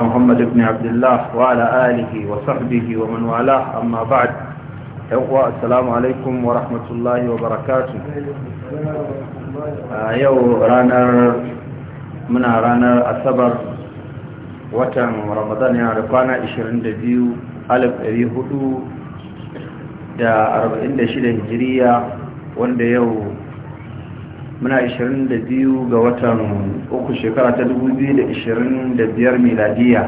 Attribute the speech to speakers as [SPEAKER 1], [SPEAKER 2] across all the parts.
[SPEAKER 1] محمد بن عبد الله وعلى آله وصحبه ومن والاه أما بعد يقوى السلام عليكم ورحمة الله وبركاته يو رانر من رانر السبر وتن رمضان يعرفانا إشرين دبيو ألف أبي هدو دا أربعين دا شدة هجرية وان دا يو muna 22 ga watan uku shekara ta 2025 miladiya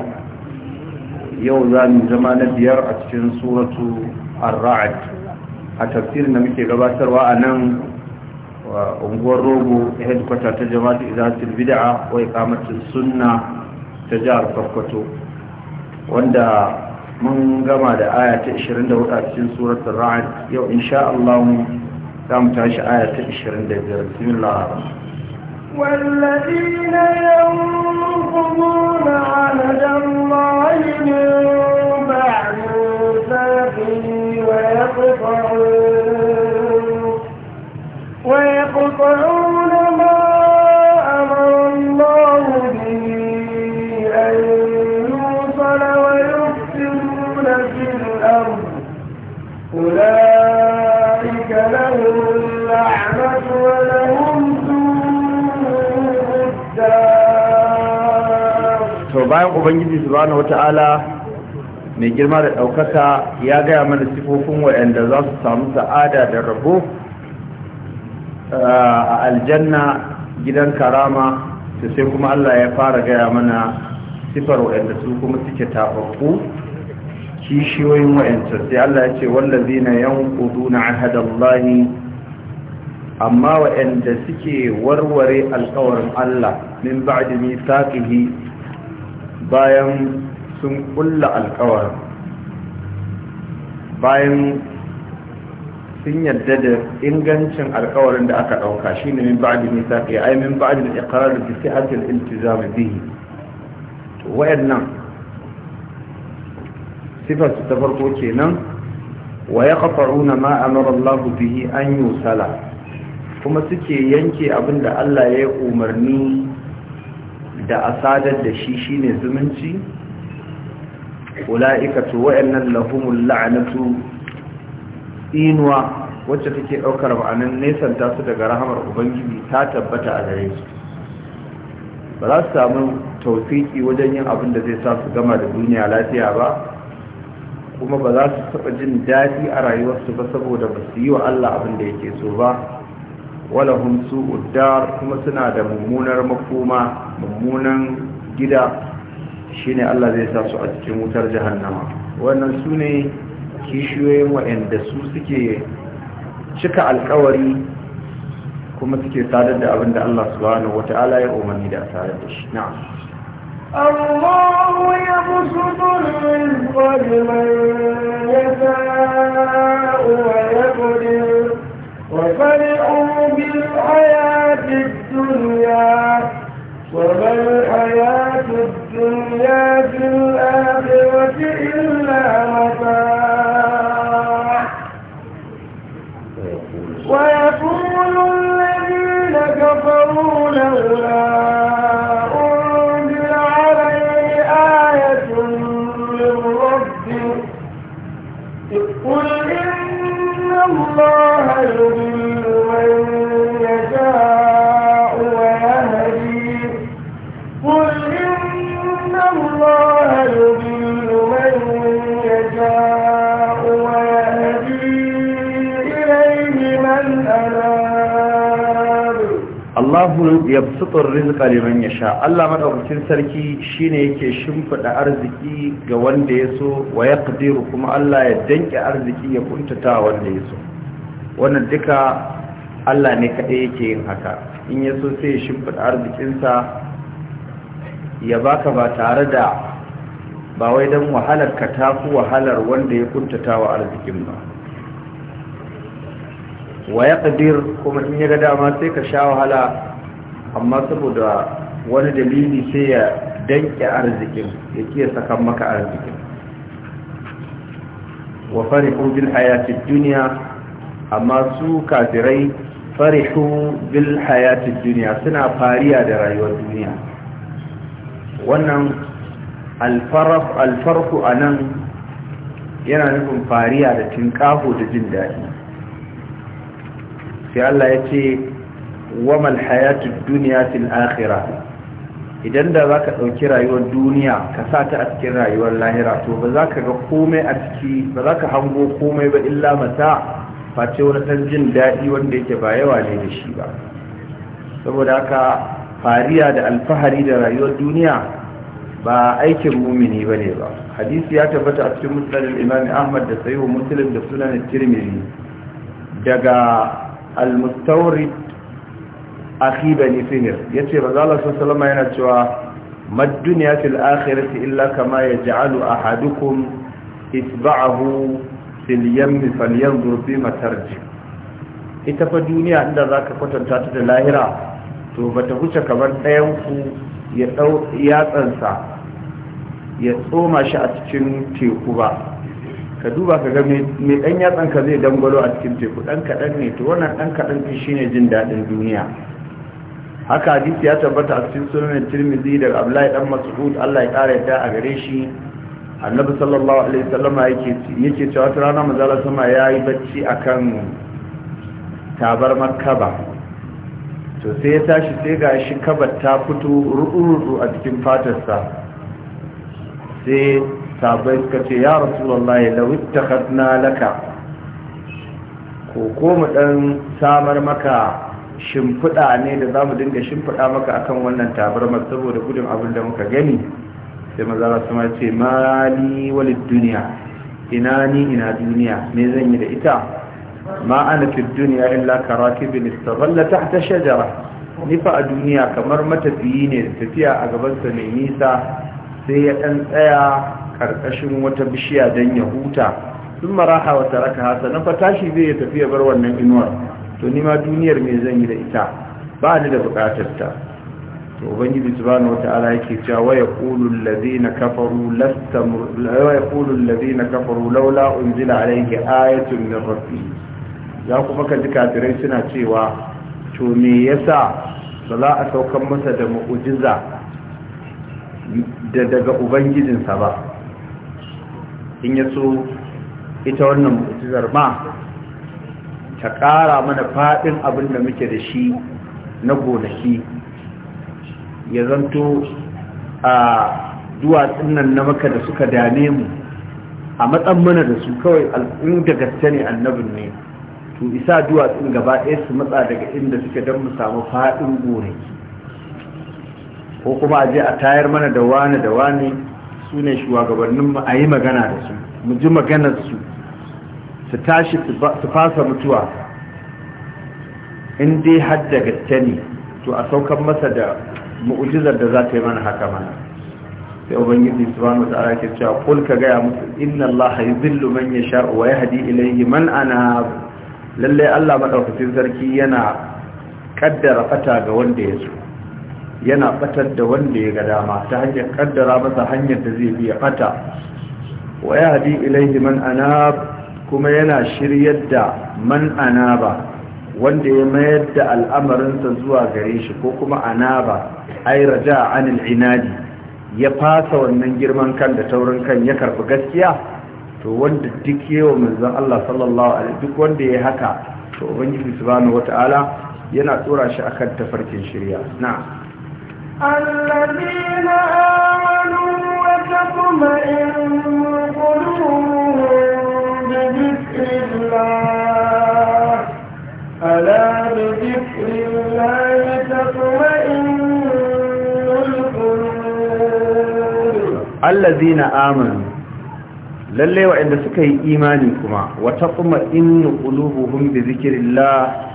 [SPEAKER 1] yau za mu zama na biyar a cikin suratu ar-ra'd a tafsirin da muke gabatarwa a nan unguwar rogo headquarter ta jama'atu izatul bid'a wa iqamatus sunna ta jihar kwakwato wanda mun gama da aya ta 24 a cikin suratul ra'd yau insha Allah دام تعيش آية 20 بسم الله
[SPEAKER 2] والذين ينقضون على الله ويقطعون ويقطعون to
[SPEAKER 1] bayan ubangiji subhanahu wata'ala mai girma da ɗaukaka ya gaya mana sifofin waɗanda za su samu sa'ada da rabo uh, a aljanna gidan karama su sai kuma Allah ya fara gaya mana sifar waɗanda su kuma suke tafafu kishiyoyin waɗanda sai Allah ya ce na na ahadallahi amma waɗanda suke warware alkawarin Allah min ba'di mithaqihi bayan sun kulla alkawarin bayan sun yadda da ingancin alkawarin da aka ɗauka shi ne min ba'di mithaqi ay min ba'di al-iqrar bi sihhati al-iltizam bihi to wayannan sifar ta farko kenan wa yaqta'una ma amara Allah bihi an sala. kuma suke yanke abin da Allah ya umarni da a sadar da shi shine zumunci ula'ikatu wa'annan lahumul la'anatu inuwa wacce take ɗaukar ma'anin nesan tasu daga rahamar ubangiji ta tabbata a gare su ba za su samu taufiki wajen yin abin da zai sa su gama da duniya lafiya ba kuma ba za su taɓa jin daɗi a rayuwarsu ba saboda ba su yi wa Allah abin da yake so ba walahum su'ud dar kuma suna da mummunar makoma mummunan gida shine Allah zai sa su a cikin wutar jahannama wannan su ne kishiyoyin waɗanda su suke cika alkawari kuma suke sadar da abin da Allah subhanahu wata'ala ya umarni da sadar da shi na'am
[SPEAKER 2] الله يبسط الرزق لمن يشاء ويقدر
[SPEAKER 3] وفرحوا
[SPEAKER 2] الدنيا وما الحياة الدنيا في الآخرة إلا متاع ويقول الذين كفروا لولا
[SPEAKER 1] wallahu yabsutur rizqa liman sha Allah madaukakin sarki shine yake shimfida arziki ga wanda ya so wa kadiru kuma Allah ya danke arziki ya kuntata wanda yaso wannan duka Allah ne kaɗai yake yin haka in yaso sai ya shimfida arzikinsa ya baka ba tare da ba wai dan wahalar ka ta wahalar wanda ya kuntata wa arzikin ba wa ya kuma in ya ga dama sai ka sha wahala amma saboda wani dalili sai ya danke arzikin ya kiya sakan maka arzikin wa farihu bil hayati duniya amma su kafirai farihu bil hayati duniya suna fariya da rayuwar duniya wannan alfarf alfarku anan yana nufin fariya da tinkaho da jin daɗi sai Allah ya ce wamal hayatu duniya fil akhira idan da zaka dauki rayuwar duniya ka sa ta a cikin rayuwar lahira to ba za ka ga komai a ciki ba za ka hango komai ba illa mata face wani ɗan jin daɗi wanda yake ba yawa ne da shi ba saboda haka fariya da alfahari da rayuwar duniya ba aikin mumini ba ne ba hadisi ya tabbata a cikin musulun imam ahmad da sayo musulun da sunan tirmidhi daga al-mustawrid akhi bani sinir yace bazala sallama yana cewa mad dunya fil akhirati illa kama yaj'alu ahadukum itba'ahu fil yamm falyanzur fi matarji ita fa duniya inda zaka kwatanta ta da lahira to bata huce kamar dayan ku ya dau yatsansa ya tsoma shi a cikin teku ba ka duba ka ga mai dan yatsan ka zai dangwalo a cikin teku dan kaɗan ne to wannan dan kaɗan shi shine jin daɗin duniya haka hadisi ya tabbata a cikin sunan Tirmidhi daga Abdullahi dan Mas'ud Allah ya kare ta a gare shi Annabi sallallahu alaihi wasallam yake yake cewa ta rana manzala sama yayi bacci akan tabar makkaba to sai ya tashi sai ga shi kabar ta fito rudu a cikin fatarsa sai sabai suka ce ya rasulullahi lau ittakhadna laka ko ko mu dan samar maka shimfiɗa ne da za mu dinga shimfiɗa maka akan wannan tabarmar saboda gudun abin da muka gani sai maza su ma ce mali duniya ina ni ina duniya me zan yi da ita ma ana fi duniya illa karatibin ta tahta shajara ni a duniya kamar matafiyi ne da tafiya a gabansa mai nisa sai ya ɗan tsaya ƙarƙashin wata bishiya don ya huta sun maraha wa raka hasa na fatashi zai ya tafiya bar wannan inuwar to nima duniyar mai zan yi da ita ba ni da buƙatar ta to ubangiji wata ala yake cewa wa yaqulu alladhina kafaru kafaru laula unzila alayhi ayatun min za ku maka kaji kafirai suna cewa to me yasa ba za a saukan masa da mu'ujiza daga ubangijinsa ba in ya so ita wannan mutuzar ma ta ƙara mana faɗin abin da muke da shi na gonaki ya zanto a duwatsun nan na maka da suka dame mu a matsan mana da su kawai al'un da gaske ne annabin ne to isa duwatsun gaba ɗaya su matsa daga inda suke don mu samu faɗin gonaki ko kuma a je a tayar mana da wane da wane su ne shugabannin mu a yi magana da su mu ji maganar su su tashi su fasa mutuwa in dai har da gaske ne to a saukan masa da mu'ujizar da za ta yi mana haka mana sai ubangiji subhanahu ta'ala ke cewa kul ka gaya musu inna Allah yuzillu man yasha wa yahdi ilayhi man ana lalle Allah madaukakin sarki yana kaddara fata ga wanda ya so yana batar da wanda ya ga dama ta hanyar kaddara masa hanyar da zai biya bata wa yahdi ilaihi man anab kuma yana shiryar da man anaba wanda ya mayar da al'amarinsa zuwa gare shi ko kuma anaba ai raja anil inadi ya fasa wannan girman kan da taurin kan ya karbi gaskiya to wanda duk yawan manzon Allah sallallahu alaihi duk wanda ya haka to ubangiji subhanahu wataala yana tsora shi akan tafarkin shirya na'am allazina amanu lalle wa'anda suka yi imani kuma wa taqma in qulubuhum bi dhikrillah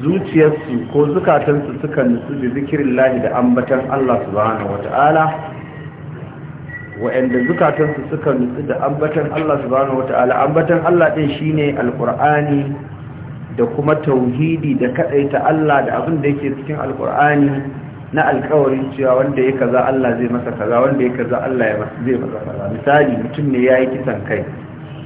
[SPEAKER 1] zuciyarsu ko zukatansu suka nutsu da zikirin lahi da ambatan Allah subhanahu wata'ala wa'anda zukatansu suka nutsu da ambatan Allah subhanahu wata'ala ambatan Allah ɗin shine alƙur'ani da kuma tauhidi da kaɗaita Allah da abin da yake cikin alƙur'ani na alƙawarin cewa wanda ya kaza Allah zai masa kaza wanda ya kaza Allah zai masa kaza misali mutum ne ya yi kisan kai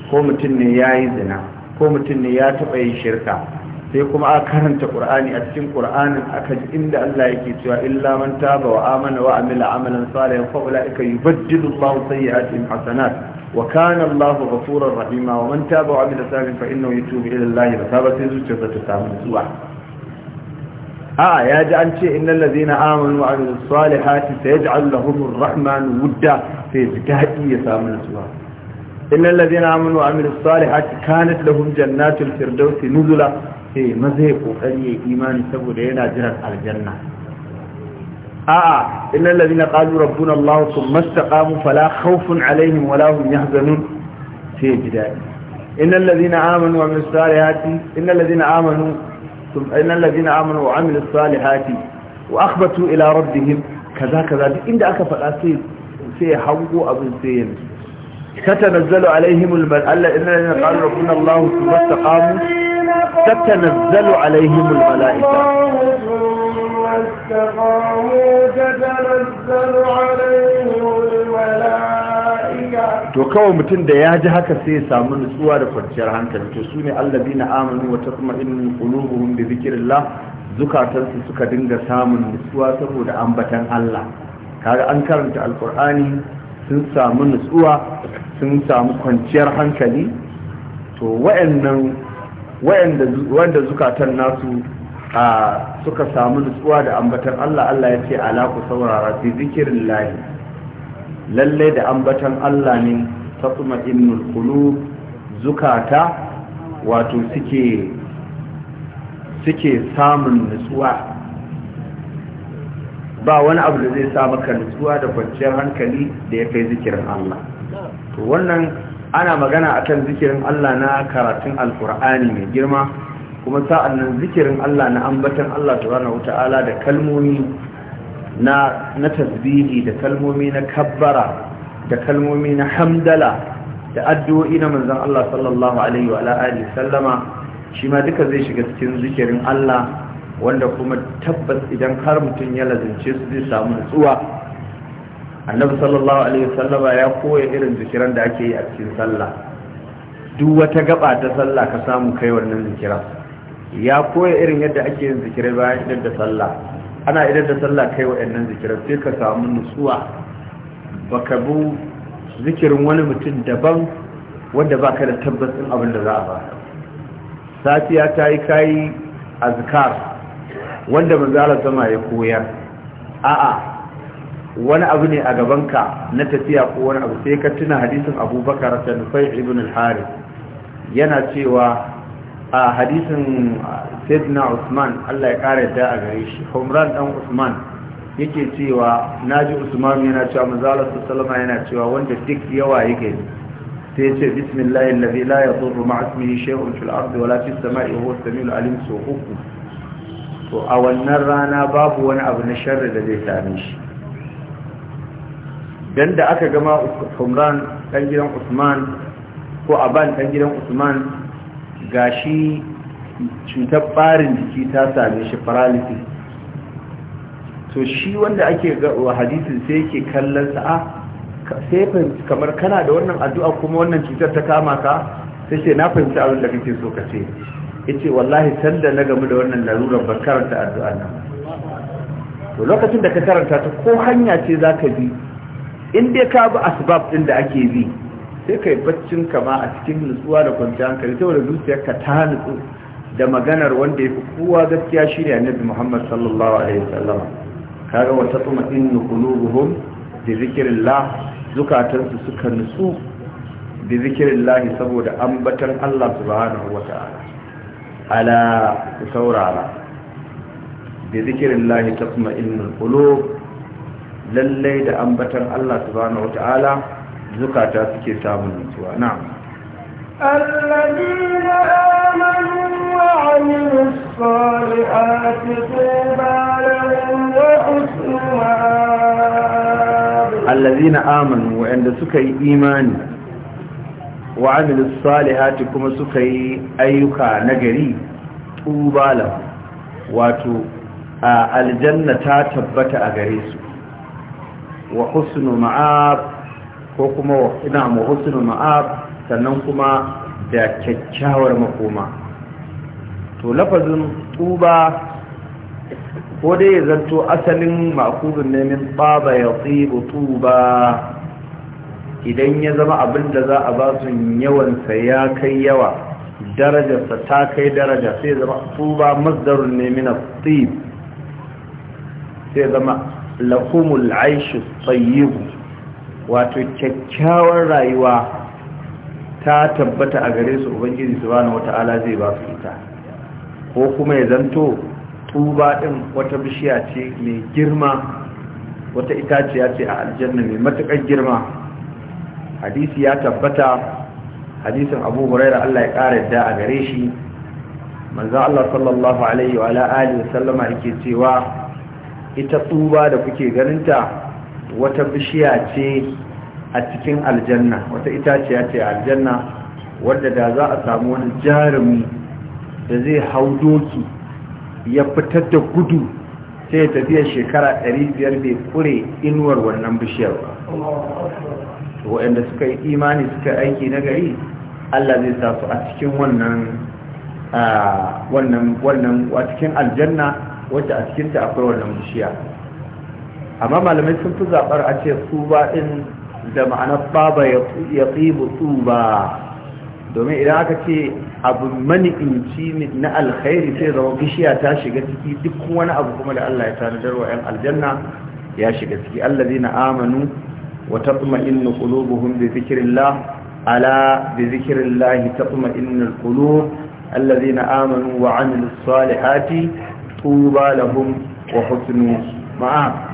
[SPEAKER 1] ko mutum ne ya yi zina ko mutum ne ya taɓa yin shirka sai kuma a karanta qur'ani a cikin qur'anin aka ji inda Allah yake cewa illa man taba wa amana wa amila amalan salihan fa ulaika yubaddilu Allahu sayyi'atihim hasanat wa kana Allahu ghafurur rahima wa man taba wa amila salihan fa innahu yatubu ila Allah sai zuciyarsa ta samu zuwa a ya ji an ce innal ladina amanu wa amilus salihati sayaj'al lahumur rahmanu wudda sai ji dadi ya samu nutsuwa innal ladina amanu wa amilus salihati kanat lahum jannatul firdausi nuzula sai maza ya kokari ya imani saboda yana jiran aljanna a'a innal ladina qalu rabbuna allah thumma istaqamu fala khawfun alaihim wala hum yahzanun sai ji dadi innal ladina amanu wa amilus salihati innal ladina amanu innal ladina amanu wa salihati wa akhbatu ila rabbihim kaza kaza duk inda aka faɗa sai sai hango abin sai yanzu tatanazzalu alaihim al mala'ika innal ladina qalu rabbuna allah masta istaqamu تتنزل عليهم الملائكة to kawai mutum da ya ji haka sai ya samu nutsuwa da kwanciyar hankali to su ne allazina amanu wa tatma'innul qulubuhum bi dhikrillah zukatansu suka dinga samun nutsuwa saboda ambatan Allah kaga an karanta alqur'ani sun samu nutsuwa sun samu kwanciyar hankali to wa'annan wanda zukatan nasu suka samu nutsuwa da ambatan Allah Allah ya ce ala ku saurara fi zikirin lahi lallai da ambatan Allah ne ta kuma innul kulu zukata wato suke suke samun nutsuwa ba wani abu da zai samu maka nutsuwa da kwanciyar hankali da ya kai zikirin Allah to wannan ana magana akan zikirin Allah na karatun alkur'ani mai girma kuma sa'an zikirin Allah na ambatan Allah subhanahu da kalmomi na na tasbihi da kalmomi na kabbara da kalmomi na hamdala da addu'o'i na manzon Allah sallallahu alaihi wa alihi sallama shi ma duka zai shiga cikin zikirin Allah wanda kuma tabbas idan har mutum ya lazance su zai samu nutsuwa annabi sallallahu alaihi wasallama ya koya irin zikiran da ake yi a cikin sallah duk wata gaba ta sallah ka samu kai wannan zikiran ya koya irin yadda ake yin zikirai bayan idan da sallah ana idan da sallah kai wa'annan zikiran sai ka samu nutsuwa baka bu zikirin wani mutum daban wanda ka da tabbacin abin da za a ba safiya ta yi kayi azkar wanda manzo Allah sama ya koyar a'a wani abu ne a gabanka na tafiya ko wani abu sai ka tuna hadisin abubakar da nufai ibn al-harith yana cewa a hadisin sayyidina usman allah ya kara da a gare shi humran dan usman yake cewa naji usman yana cewa manzala sallama yana cewa wanda duk yawa yake sai ce bismillah allazi la yadurru ma'a ismihi shay'un fil ardi wala fis sama'i huwa as-sami'ul alim so uku to a wannan rana babu wani abu na sharri da zai same shi dan da aka gama Umran dan gidan Usman ko Aban ɗan gidan Usman gashi cutar barin jiki ta same shi paralysis to shi wanda ake ga hadisin sai yake kallon sa'a ah, sai kamar kana da wannan addu'a kuma wannan cutar ta kama ka sai ce na fahimci abin da kake so ka ce yace wallahi sanda na gamu da wannan larurar ba karanta addu'a nan to lokacin da ka karanta ta ko hanya ce zaka bi in dai ka bi asbab din da ake bi sai kai baccin kama a cikin nutsuwa da kwanciyar hankali saboda ka ta nutsu da maganar wanda ya fi kowa gaskiya shi ne annabi muhammad sallallahu alaihi wasallam kaga wata tsuma innu qulubuhum bi zikrillah zukatansu suka nutsu bi zikrillah saboda ambatan Allah subhanahu wataala ala saurara bi zikrillah tatma'innul qulub lallai da ambatan Allah subhanahu wa ta'ala zukata suke samun nutsuwa na'am
[SPEAKER 2] alladina amanu wa 'amilus salihati
[SPEAKER 1] alladina amanu wa'anda suka yi imani wa 'amilus salihati kuma suka yi ayyuka nagari tubalam wato aljanna ta tabbata a gare su wa husnu ma'ab ko kuma ina mu husnu ma'ab sannan kuma da kyakkyawar makoma to lafazin tuba ko dai ya zanto asalin ma'kubin ne min tsaba ya tsibu tuba idan ya zama abin da za a ba su yawansa ya kai yawa darajarsa ta kai daraja sai zama tuba masdarun ne min tsib sai zama lakumul aishu tsayibu wato kyakkyawar rayuwa ta tabbata a gare su ubangiji subhanahu wata'ala zai ba su ita ko kuma ya zanto tuba din wata bishiya ce mai girma wata itaciya ce a aljanna mai matukar girma hadisi ya tabbata hadisin abu huraira Allah ya ƙara yadda a gare shi manzo Allah sallallahu alaihi wa alihi wasallama yake cewa ita tsuba da kuke ganinta wata bishiya ce a cikin aljanna wata itaciya ce a aljanna wadda da za a samu wani jarumi da zai hau doki ya fitar da gudu sai ya tafiya shekara 500 bai kure inuwar wannan bishiyar ba waɗanda suka yi imani suka aiki na gari Allah zai sa su a cikin wannan a cikin aljanna wacce a cikinta akwai wannan bishiya amma malamai sun fi zaɓar a ce tsuba ɗin da ma'anar baba ya tsibu tsuba domin idan aka ce abu mani'inci na alkhairi sai zama bishiya ta shiga ciki duk wani abu kuma da Allah ya tanadar wa 'yan aljanna ya shiga ciki allazi na amanu wa taɓuma inna ƙulubuhun bi zikirillah ala bi zikirillah taɓuma inna ƙulub allazi na amanu wa amilu salihati tuba lahum wa husnu ma'a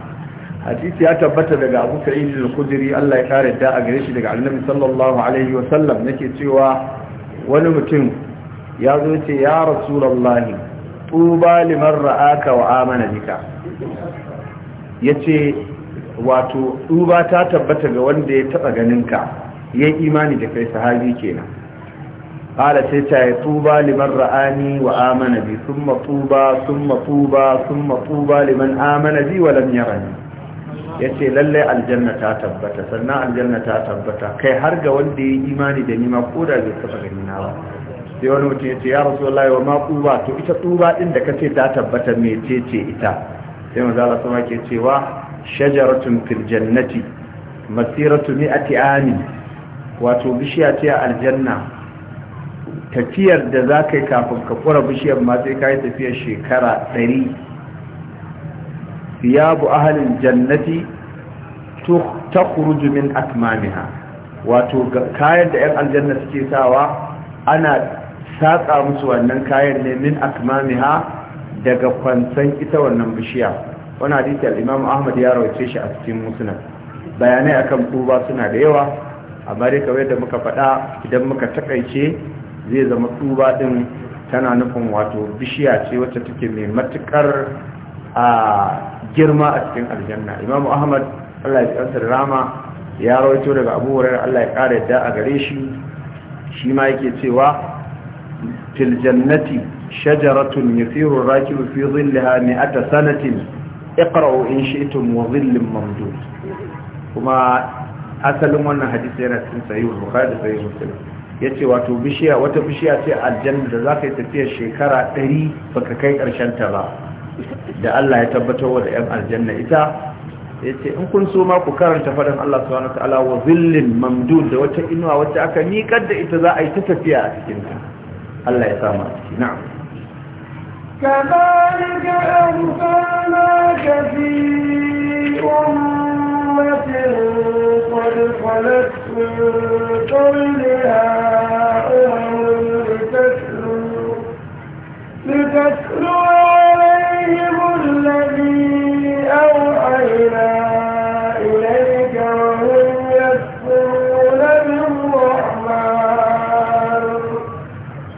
[SPEAKER 1] hadisi ya tabbata daga Abu Sa'id al-Khudri Allah ya kare da a gare shi daga Annabi sallallahu alaihi wa sallam nake cewa wani mutum ya zo ce ya Rasulullahi tuba liman ra'aka wa amana bika yace wato tuba ta tabbata ga wanda ya taba ganinka yayi imani da kai sahabi kenan قال تيتا طوبى لمن رآني وآمن بي ثم طوبى ثم طوبى ثم طوبى لمن آمن بي rani. Ya yace lallai aljanna ta tabbata sannan aljanna ta tabbata kai har ga wanda ya yi imani da nima ko da zai taba gani na ba sai wani mutum yace ya rasulullahi wa ma quba to ita quba din da kace ta tabbata ce-ce ita sai manzo sama ke cewa shajaratun fil jannati masiratu mi'ati amin wato bishiya ce aljanna tafiyar da za ka yi kafin ka kura bishiyar ma sai ka yi tafiyar shekara ɗari ya siyabu ahalin jannati ta kuruju min wato kayan da 'yan aljanna suke sawa ana satsa musu wannan kayan ne min akmamiha daga kwansan ita wannan bishiya wani hadisi al'imam ahmad ya rawace shi a cikin musulun bayanai akan tuba suna da yawa amma dai kawai da muka faɗa idan muka takaice zai zama tuba din tana nufin wato bishiya ce wacce take mai matukar a girma a cikin aljanna imamu ahmad allah ya rama ya rawaito daga abu wurin allah ya ƙara yadda a gare shi shi ma yake cewa fil jannati shajaratun yasiru rakibu fi zillaha mi'ata sanatin iqra'u in shi'tum wa zillin mamdud kuma asalin wannan hadisi yana cikin sahih bukhari da sahih muslim ya ce wato bishiya wata bishiya ce aljanna da za ka yi tafiya shekara 100 baka ka kai ta ba da Allah ya tabbatar da 'yan aljanna ita ya ce in kun so ma ku karanta faɗin Allah subhanahu wa ta'ala wa zillin mamdud da wata inuwa wacce aka miƙar da ita za a yi ta tafiya a cikin ta Allah ya sama a ciki na'am
[SPEAKER 2] كذلك أرسلناك في أمة قد خلت قبلها أمم عليهم الذي أوحينا إليك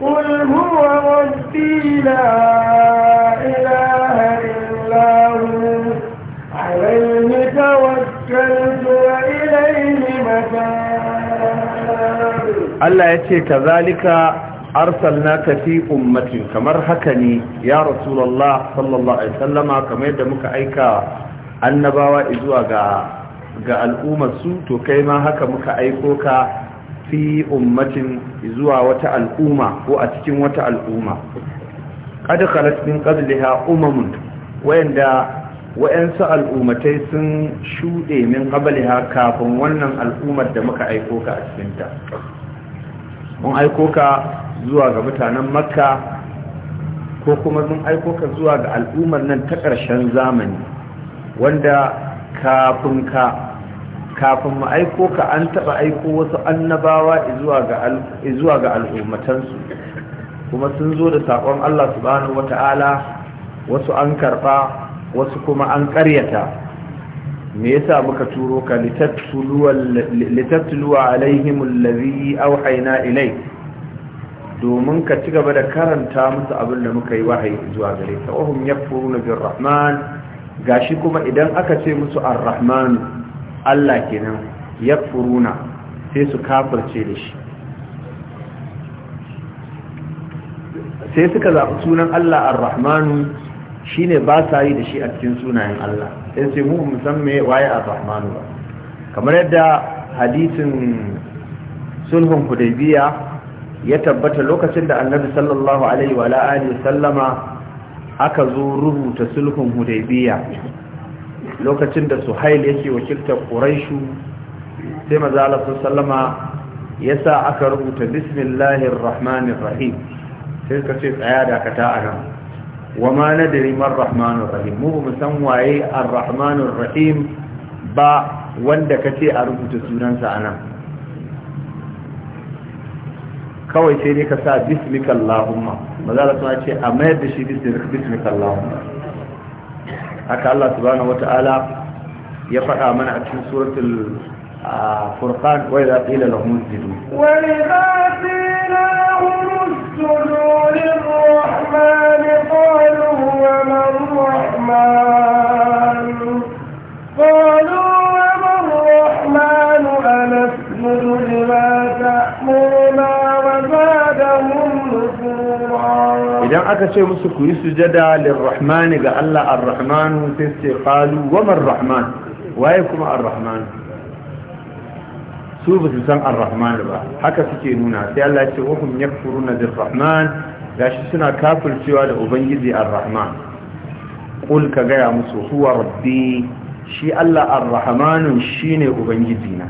[SPEAKER 2] قل هو لا إله إلا هو عليه توكلت وإليه متاب
[SPEAKER 1] Allah ya ce ka zalika arsalnaka fi ummatin kamar haka ne ya rasulullah sallallahu alaihi sallama kamar yadda muka aika annabawa zuwa ga ga su to kai ma haka muka aiko ka fi ummatin zuwa wata al'umma ko a cikin wata al'umma kada khalat min umamun wayanda wa'yansu al'ummatai sun shuɗe min ƙabali ha kafin wannan al'ummar da muka aiko ka a cikinta mun aiko ka zuwa ga mutanen makka ko kuma mun aiko ka zuwa ga al'ummar nan ta ƙarshen zamani wanda kafin ka kafin mu aiko ka an taɓa aiko wasu annabawa zuwa ga al'ummatansu kuma sun zo da saƙon allah subhanahu wata'ala wasu an karɓa wasu kuma an ƙaryata me yasa muka turo ka litattuluwa alaihim allazi auhayna ilai domin ka ci gaba da karanta musu abin da muka yi wahayi zuwa gare ta wahum yakfuruna bir rahman gashi kuma idan aka ce musu ar-rahman Allah kenan yakfuruna sai su kafirce da shi sai suka zaɓi sunan Allah ar-rahmanu shine ba sa yi da shi a cikin sunayen Allah sai sai mu musamman waye a rahmanu ba kamar yadda hadisin sulhun hudaybiya ya tabbata lokacin da annabi sallallahu alaihi wa alihi sallama aka zo rubuta sulhun hudaybiya lokacin da suhail yake wakiltar quraishu sai maza Allah sallama yasa aka rubuta bismillahir rahmanir rahim sai ka ce tsaya da kata nan. wa ma nadri man rahmanur rahim mu mu san waye ar-rahmanur rahim ba wanda kace a rubuta sunansa anan kawai sai ne ka sa bismika allahumma maza da ce a mayar da shi bismika allahumma haka Allah subhanahu wata'ala ya faɗa mana a cikin suratul furqan wa idza qila lahum isjudu wa
[SPEAKER 2] idza qila lahum isjudu idan
[SPEAKER 1] aka ce musu ku yi sujada lirrahman ga Allah ar-rahman sai su ce qalu wa man rahman waye kuma ar-rahman su bisu san ar-rahman ba haka suke nuna sai Allah ya ce wa hum yakfuruna bir-rahman gashi suna kafircewa da ubangiji ar-rahman ƙul ka gaya musu huwa rabbi shi Allah ar-rahmanun shine ubangijina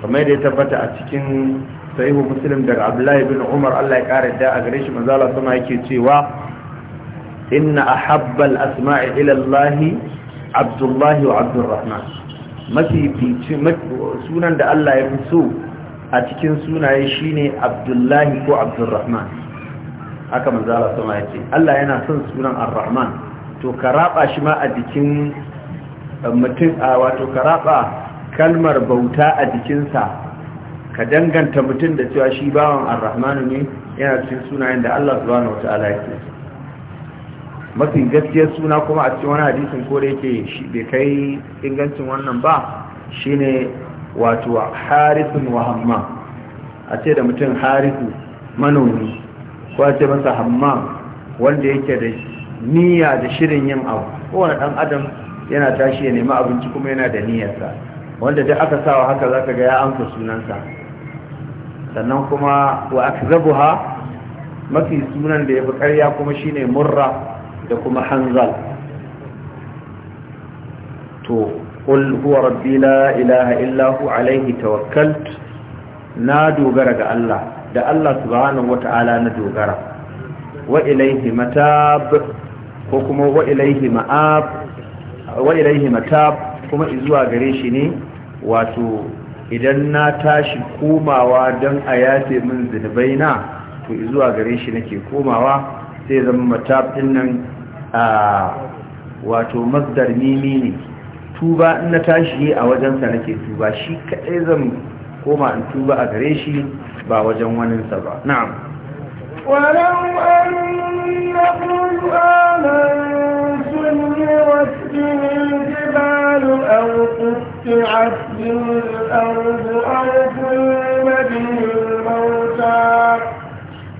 [SPEAKER 1] kamar da ya tabbata a cikin sahihu muslim daga abdullahi bin umar Allah ya kare da a gare shi manzala sama yake cewa inna al asma'i ila Allah abdullahi wa Rahman mafi sunan da Allah ya fi a cikin sunaye shine abdullahi ko Rahman haka manzala sama yake Allah yana son sunan ar-rahman to ka raba shi ma a jikin eh, mutum a wato ka kalmar bauta a jikinsa ka danganta mutum da cewa shi bawan arrahmanu ne yana cikin sunayen da Allah subhanahu wata yake mafi gaskiyar suna kuma a cikin wani hadisin ko da yake shi bai kai ingancin wannan ba shine wato harisun wahamma a ce da mutum harisu manomi ko a ce masa hammam wanda yake da niyya da shirin yin abu kowane ɗan adam yana tashi ya nemi abinci kuma yana da niyyarsa wanda duk aka sawa haka za ka ga ya amsa sunansa sannan kuma wa akzabuha mafi sunan da ya fi karya kuma shine murra da kuma hanzal to qul huwa rabbi la ilaha illa hu alayhi tawakkalt na dogara ga Allah da Allah subhanahu wata'ala na dogara wa ilayhi matab ko kuma wa ilaihi matab kuma izuwa gare shi ne wato idan na tashi komawa don a yafe min zinubai na to izuwa gare shi nake komawa sai zama matab din nan a wato masdar mimi ne tuba in na tashi a wajensa nake tuba shi kaɗai zan koma in tuba a gare shi ba wajen waninsa ba na'am
[SPEAKER 2] ولو أن قرآنا سيرت به الجبال أو قطعت به الأرض أو كلم به الموتى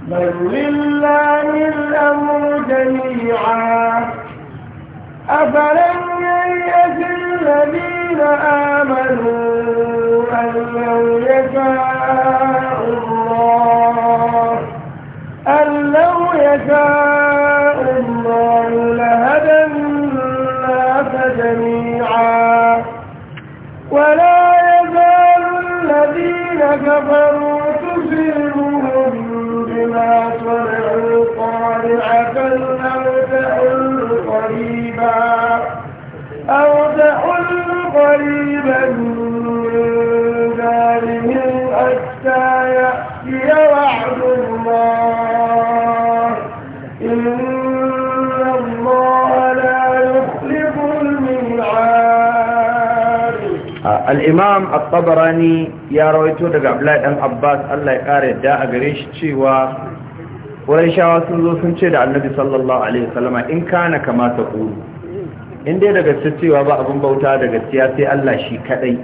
[SPEAKER 2] بل لله الأمر جميعا أفلم ييأس الذين آمنوا أن لو يشاء الله يشاء الله لهدى الناس جميعا ولا يزال الذين كفروا تسلمهم بما صنعوا قارعة أو تحل قريبا أو تحل قريبا من دارهم حتى يأتي وعد الله
[SPEAKER 1] al'imam al-tabarani ya rawaito daga abdullahi ɗan abbas allah ya ƙara yadda a gare shi cewa shawa sun zo sun ce da annabi sallallahu alaihi wasallama in kana kamata ƙuru in dai daga cewa ba abin bauta daga gaskiya sai allah shi kaɗai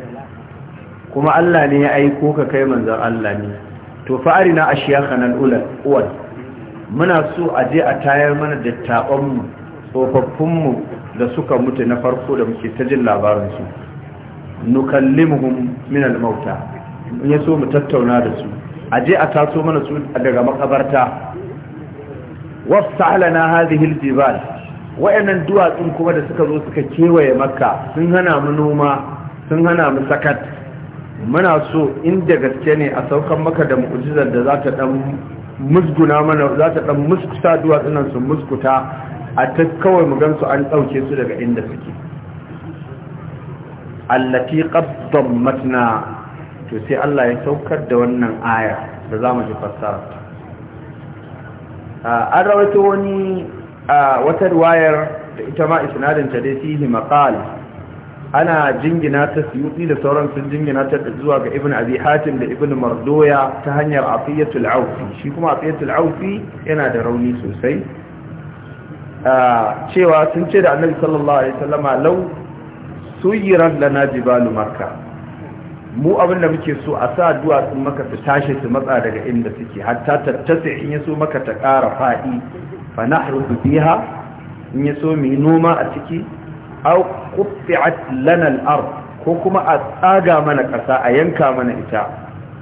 [SPEAKER 1] kuma allah ne ya aiko ka kai manzan allah ne to fa'ari na ashiyakan al'uwar muna so a je a tayar mana da taɓonmu tsofaffinmu da suka mutu na farko da muke ta jin labarinsu nukallimuhum min al-mauta in yaso mu tattauna da su aje a taso mana su daga makabarta wasa lana hadhihi al-jibal wayannan duwatsun kuma da suka zo suka kewaye makka sun hana mu noma sun hana mu sakat muna so inda gaske ne a saukan maka da mu'jizar da za ta dan musguna mana za ta dan muskuta nan su muskuta a ta kawai mu gansu an ɗauke su daga inda suke allati qaddam matna to sai Allah ya saukar da wannan aya da zamu ji fassara ah, an rawaito wani ah, wata riwayar da ita ma isnadin ta dai sihi maqal ana jingina ta suyuti da sauran sun jingina ta zuwa ga ibn abi hatim da ibn mardoya ta hanyar afiyatul aufi shi kuma afiyatul aufi yana da rauni sosai ah, cewa sun ce da annabi sallallahu alaihi wasallama law suyirar lana jibalu makka mu abin da muke so a sa duwatsun maka su tashi su matsa daga inda suke hatta tattasa in yaso maka ta ƙara faɗi fa nahrudu biha in yaso mu noma a ciki aw qutti'at lana al ko kuma a tsaga mana ƙasa a yanka mana ita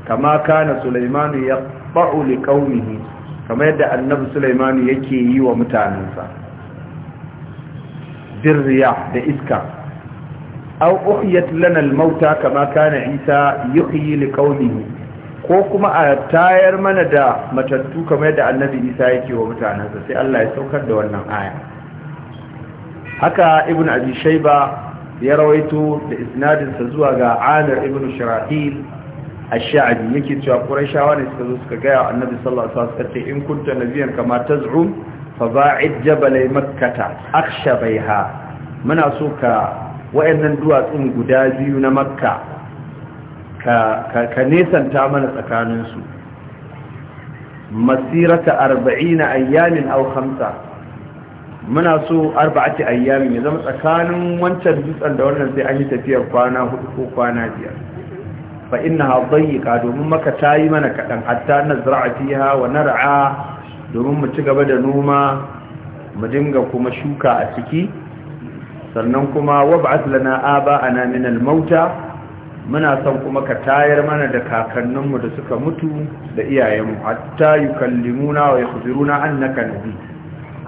[SPEAKER 1] kama kana Sulaiman yaqba'u qaumihi kama yadda annabi Sulaiman yake yi wa mutanansa dirriya da iska aw ukhiyat lana al-mauta kama kana Isa yuhyi liqaumihi ko kuma a tayar mana da matattu kamar yadda Annabi Isa yake wa mutanansa sai Allah ya saukar da wannan aya haka ibn abi shayba ya rawaito da isnadinsa zuwa ga Amir ibn Shirahil ash-Sha'bi yake cewa Qurayshawa ne suka zo suka ga Annabi sallallahu alaihi wasallam sai in kunta nabiyan kama taz'um ba'id jabalai makkata akhsha baiha muna so ka wayannan duwatsun guda biyu na makka ka nesanta mana tsakaninsu masirata arba'ina ayyamin au muna so arba'ati ayyamin ya zama tsakanin wancan dutsen da wannan sai an yi tafiyar kwana hudu ko kwana biyar fa innaha dayyika domin maka tayi mana kaɗan. hatta nazra'a fiha wa ra'a domin mu ci gaba da noma mu dinga kuma shuka a ciki sannan kuma wab'ath lana aba'ana min al-mauta muna son kuma ka tayar mana da kakanninmu da suka mutu da iyayenmu hatta yukallimuna wa yakhbiruna annaka nabi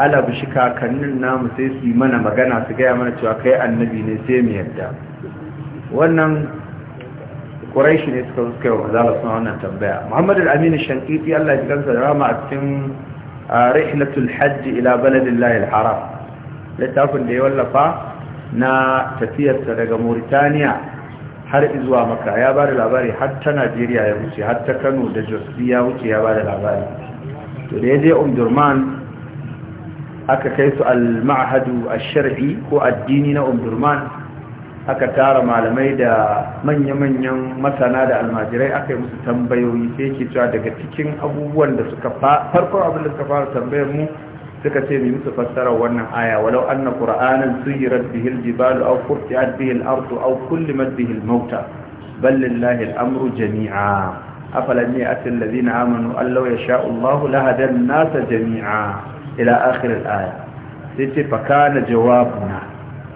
[SPEAKER 1] ala bishi kakannin namu sai su yi mana magana su gaya mana cewa kai annabi ne sai mu yadda wannan quraishi ne suka suka yi wa wannan tambaya muhammad al-amin shankiti Allah ya kansa da rama a cikin rihlatul hajj ila baladillahi al-haram littafin da ya wallafa na tafiyarsa daga mauritaniya har zuwa maka ya ba da labari har ta najeriya ya wuce har ta kano da jos ya wuce ya ba da labari to da ya je umdurman aka kai su al-ma'hadu ash-shar'i ko addini na umdurman aka tara malamai da manya-manyan masana da almajirai aka yi musu tambayoyi sai ke cewa daga cikin abubuwan da suka farko abin da suka fara tambayar mu suka ce mai musu fassarar wannan aya walau anna qur'anan suyirat bihi aljibalu aw qurtiat bihi al-ardu aw kullimat bihi mauta bal lillahi al-amru jami'a afalam ya'ti alladhina amanu an ya yasha'u Allah lahada nasa jami'a ila akhir al-aya sai fakana jawabuna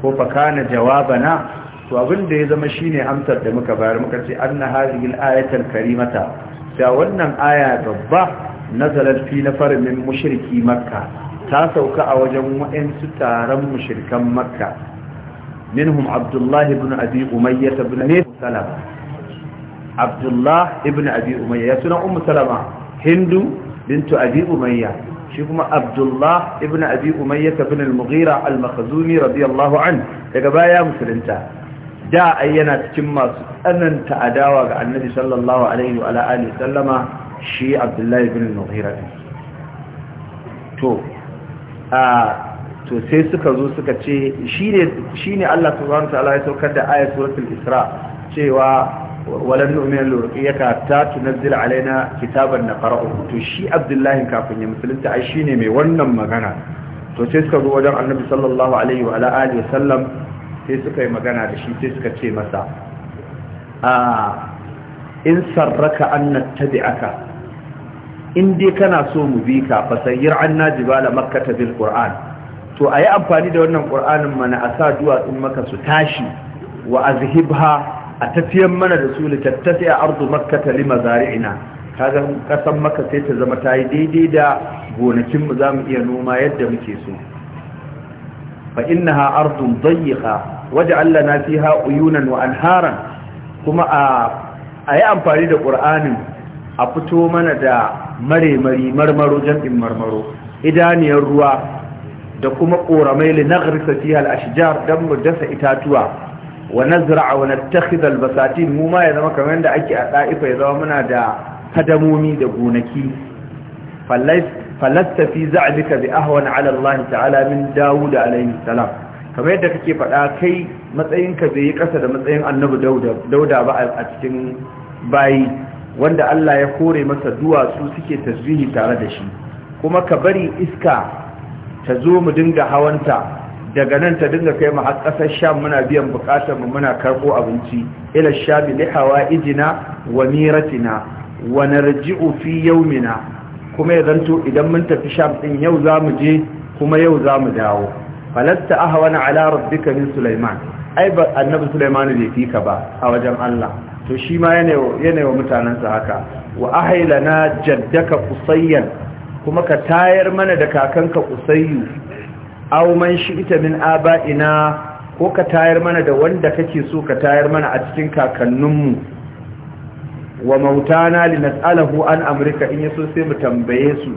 [SPEAKER 1] ko fakana jawabana to abin da ya zama shine amsar da muka bayar muka ce anna hadhihi al-ayatu karimata da wannan aya babba nazalat fi nafarin min mushriki makkah ta sauka a wajen waɗansu taron mushirkan makka minhum abdullahi ibn abi umayya ibn salama abdullahi ibn abi umayya ya suna ummu salama hindu bintu abi umayya shi kuma abdullahi ibn abi umayya ibn al-mughira al-makhzumi radiyallahu an daga baya musulunta da ayyana yana cikin masu tsananta adawa ga annabi sallallahu alaihi wa alihi sallama shi abdullahi ibn al-mughira to a to sai suka zo suka ce shi ne Allah subhanahu wa ta'ala ya saukar da ayat suratul isra cewa walan nu'minu yaka ta tunzil alaina kitaban naqra'u to shi abdullahi kafin ya musulunta ai shine mai wannan magana to sai suka zo wajen annabi sallallahu alaihi wa ala alihi sallam sai suka yi magana da shi sai suka ce masa a in sarraka an nattabi'aka in dai kana so mu bi ka fasayyir anna jibala makkata bil qur'an to ayi amfani da wannan ƙur'anin mana a sa duwatsun maka su tashi wa a tafiyan mana da su littattafi a ardu makkata limazari'ina kaga kasan maka sai ta zama tayi daidai da gonakin mu zamu iya noma yadda muke so fa innaha ardun allah waj'al lana fiha uyunan wa anharan kuma a yi amfani da qur'anin a fito mana da mare mari marmaro jam'in marmaro idaniyar ruwa da kuma ƙoramai li naghrisa fiha al-ashjar dan mu dasa itatuwa wa nazra'a wa nattakhidha al-basatin mu ma ya zama kamar yadda ake a da'ifa ya zama muna da hadamomi da gonaki falasta fi za'bika bi ahwan 'ala Allah ta'ala min Dawud alayhi salam kamar yadda kake faɗa kai matsayinka bai yi ƙasa da matsayin Annabi Dauda Dauda ba a cikin bayi wanda Allah ya kore masa duwatsu suke tasbihi tare da shi kuma ka bari iska ta zo mu dinga hawanta daga nan ta dinga kai mu har kasar sham muna biyan bukatar mu muna karbo abinci ila shami li hawaijina wa miratina wa narji'u fi yawmina kuma ya zanto idan mun tafi sham din yau zamu je kuma yau zamu dawo falasta ahwana ala rabbika min sulaiman ai ba annabi sulaiman bai fika ba a wajen Allah to shi ma yana wa mutanensa haka wa na jaddaka kusayyan kuma ka tayar mana da kakanka kusayyu aw shi ita min aba'ina ko ka tayar mana da wanda kake so ka tayar mana a cikin kakanninmu wa mautana linas'alahu an amrika in yaso sai mu tambaye su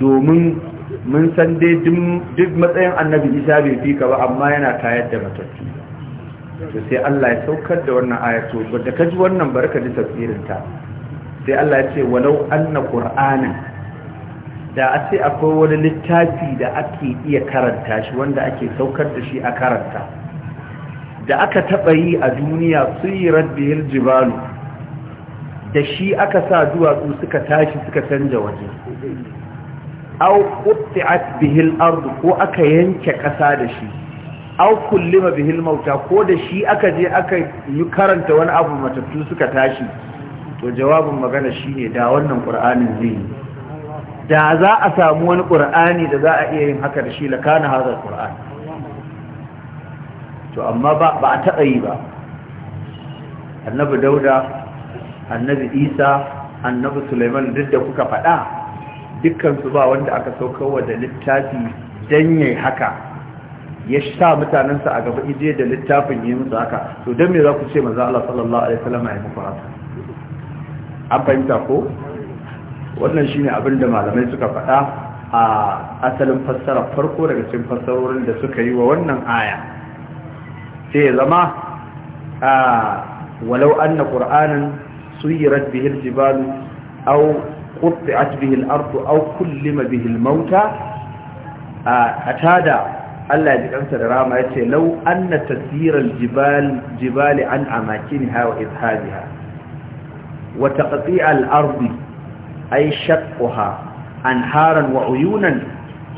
[SPEAKER 1] domin mun san dai duk matsayin annabi isa bai fika ba amma yana tayar da matattu to sai Allah ya saukar da wannan aya to da ka ji wannan barka da tafsirin ta sai Allah ya ce walau anna qur'ana da a ce akwai wani littafi da ake iya karanta shi wanda ake saukar da shi a karanta da aka taba yi a duniya suyirat bihil jibalu da shi aka sa duwatsu suka tashi suka canja waje au qutti'at bihil ardu ko aka yanke kasa da shi au kullima bihil mauta ko da shi aka je aka yi karanta wani abu matattu suka tashi to jawabin magana shine da wannan qur'anin zai da za a samu wani qur'ani da za a iya yin haka da shi la kana hada qur'an to amma ba ba a taɓa yi ba annabi dauda annabi isa annabi suleiman duk da kuka faɗa dukkansu ba wanda aka wa da littafi dan yayi haka ya sha mutanensa a gaba ije da littafin yi musu haka to don me za ku ce maza Allah sallallahu alaihi wasallam ya muku haka an fahimta ko wannan shine abin da malamai suka faɗa a asalin fassara farko daga cikin fassarorin da suka yi wa wannan aya sai ya zama a walau anna qur'anan suyirat bihi al-jibalu aw qutti'at bihi ardu au kullima bihi mauta a tada Allah ya jikansa da rama ya ce lau anna tasirar jibali an amakin hawa izhabiha wa al'arbi ai ay an haran wa uyunan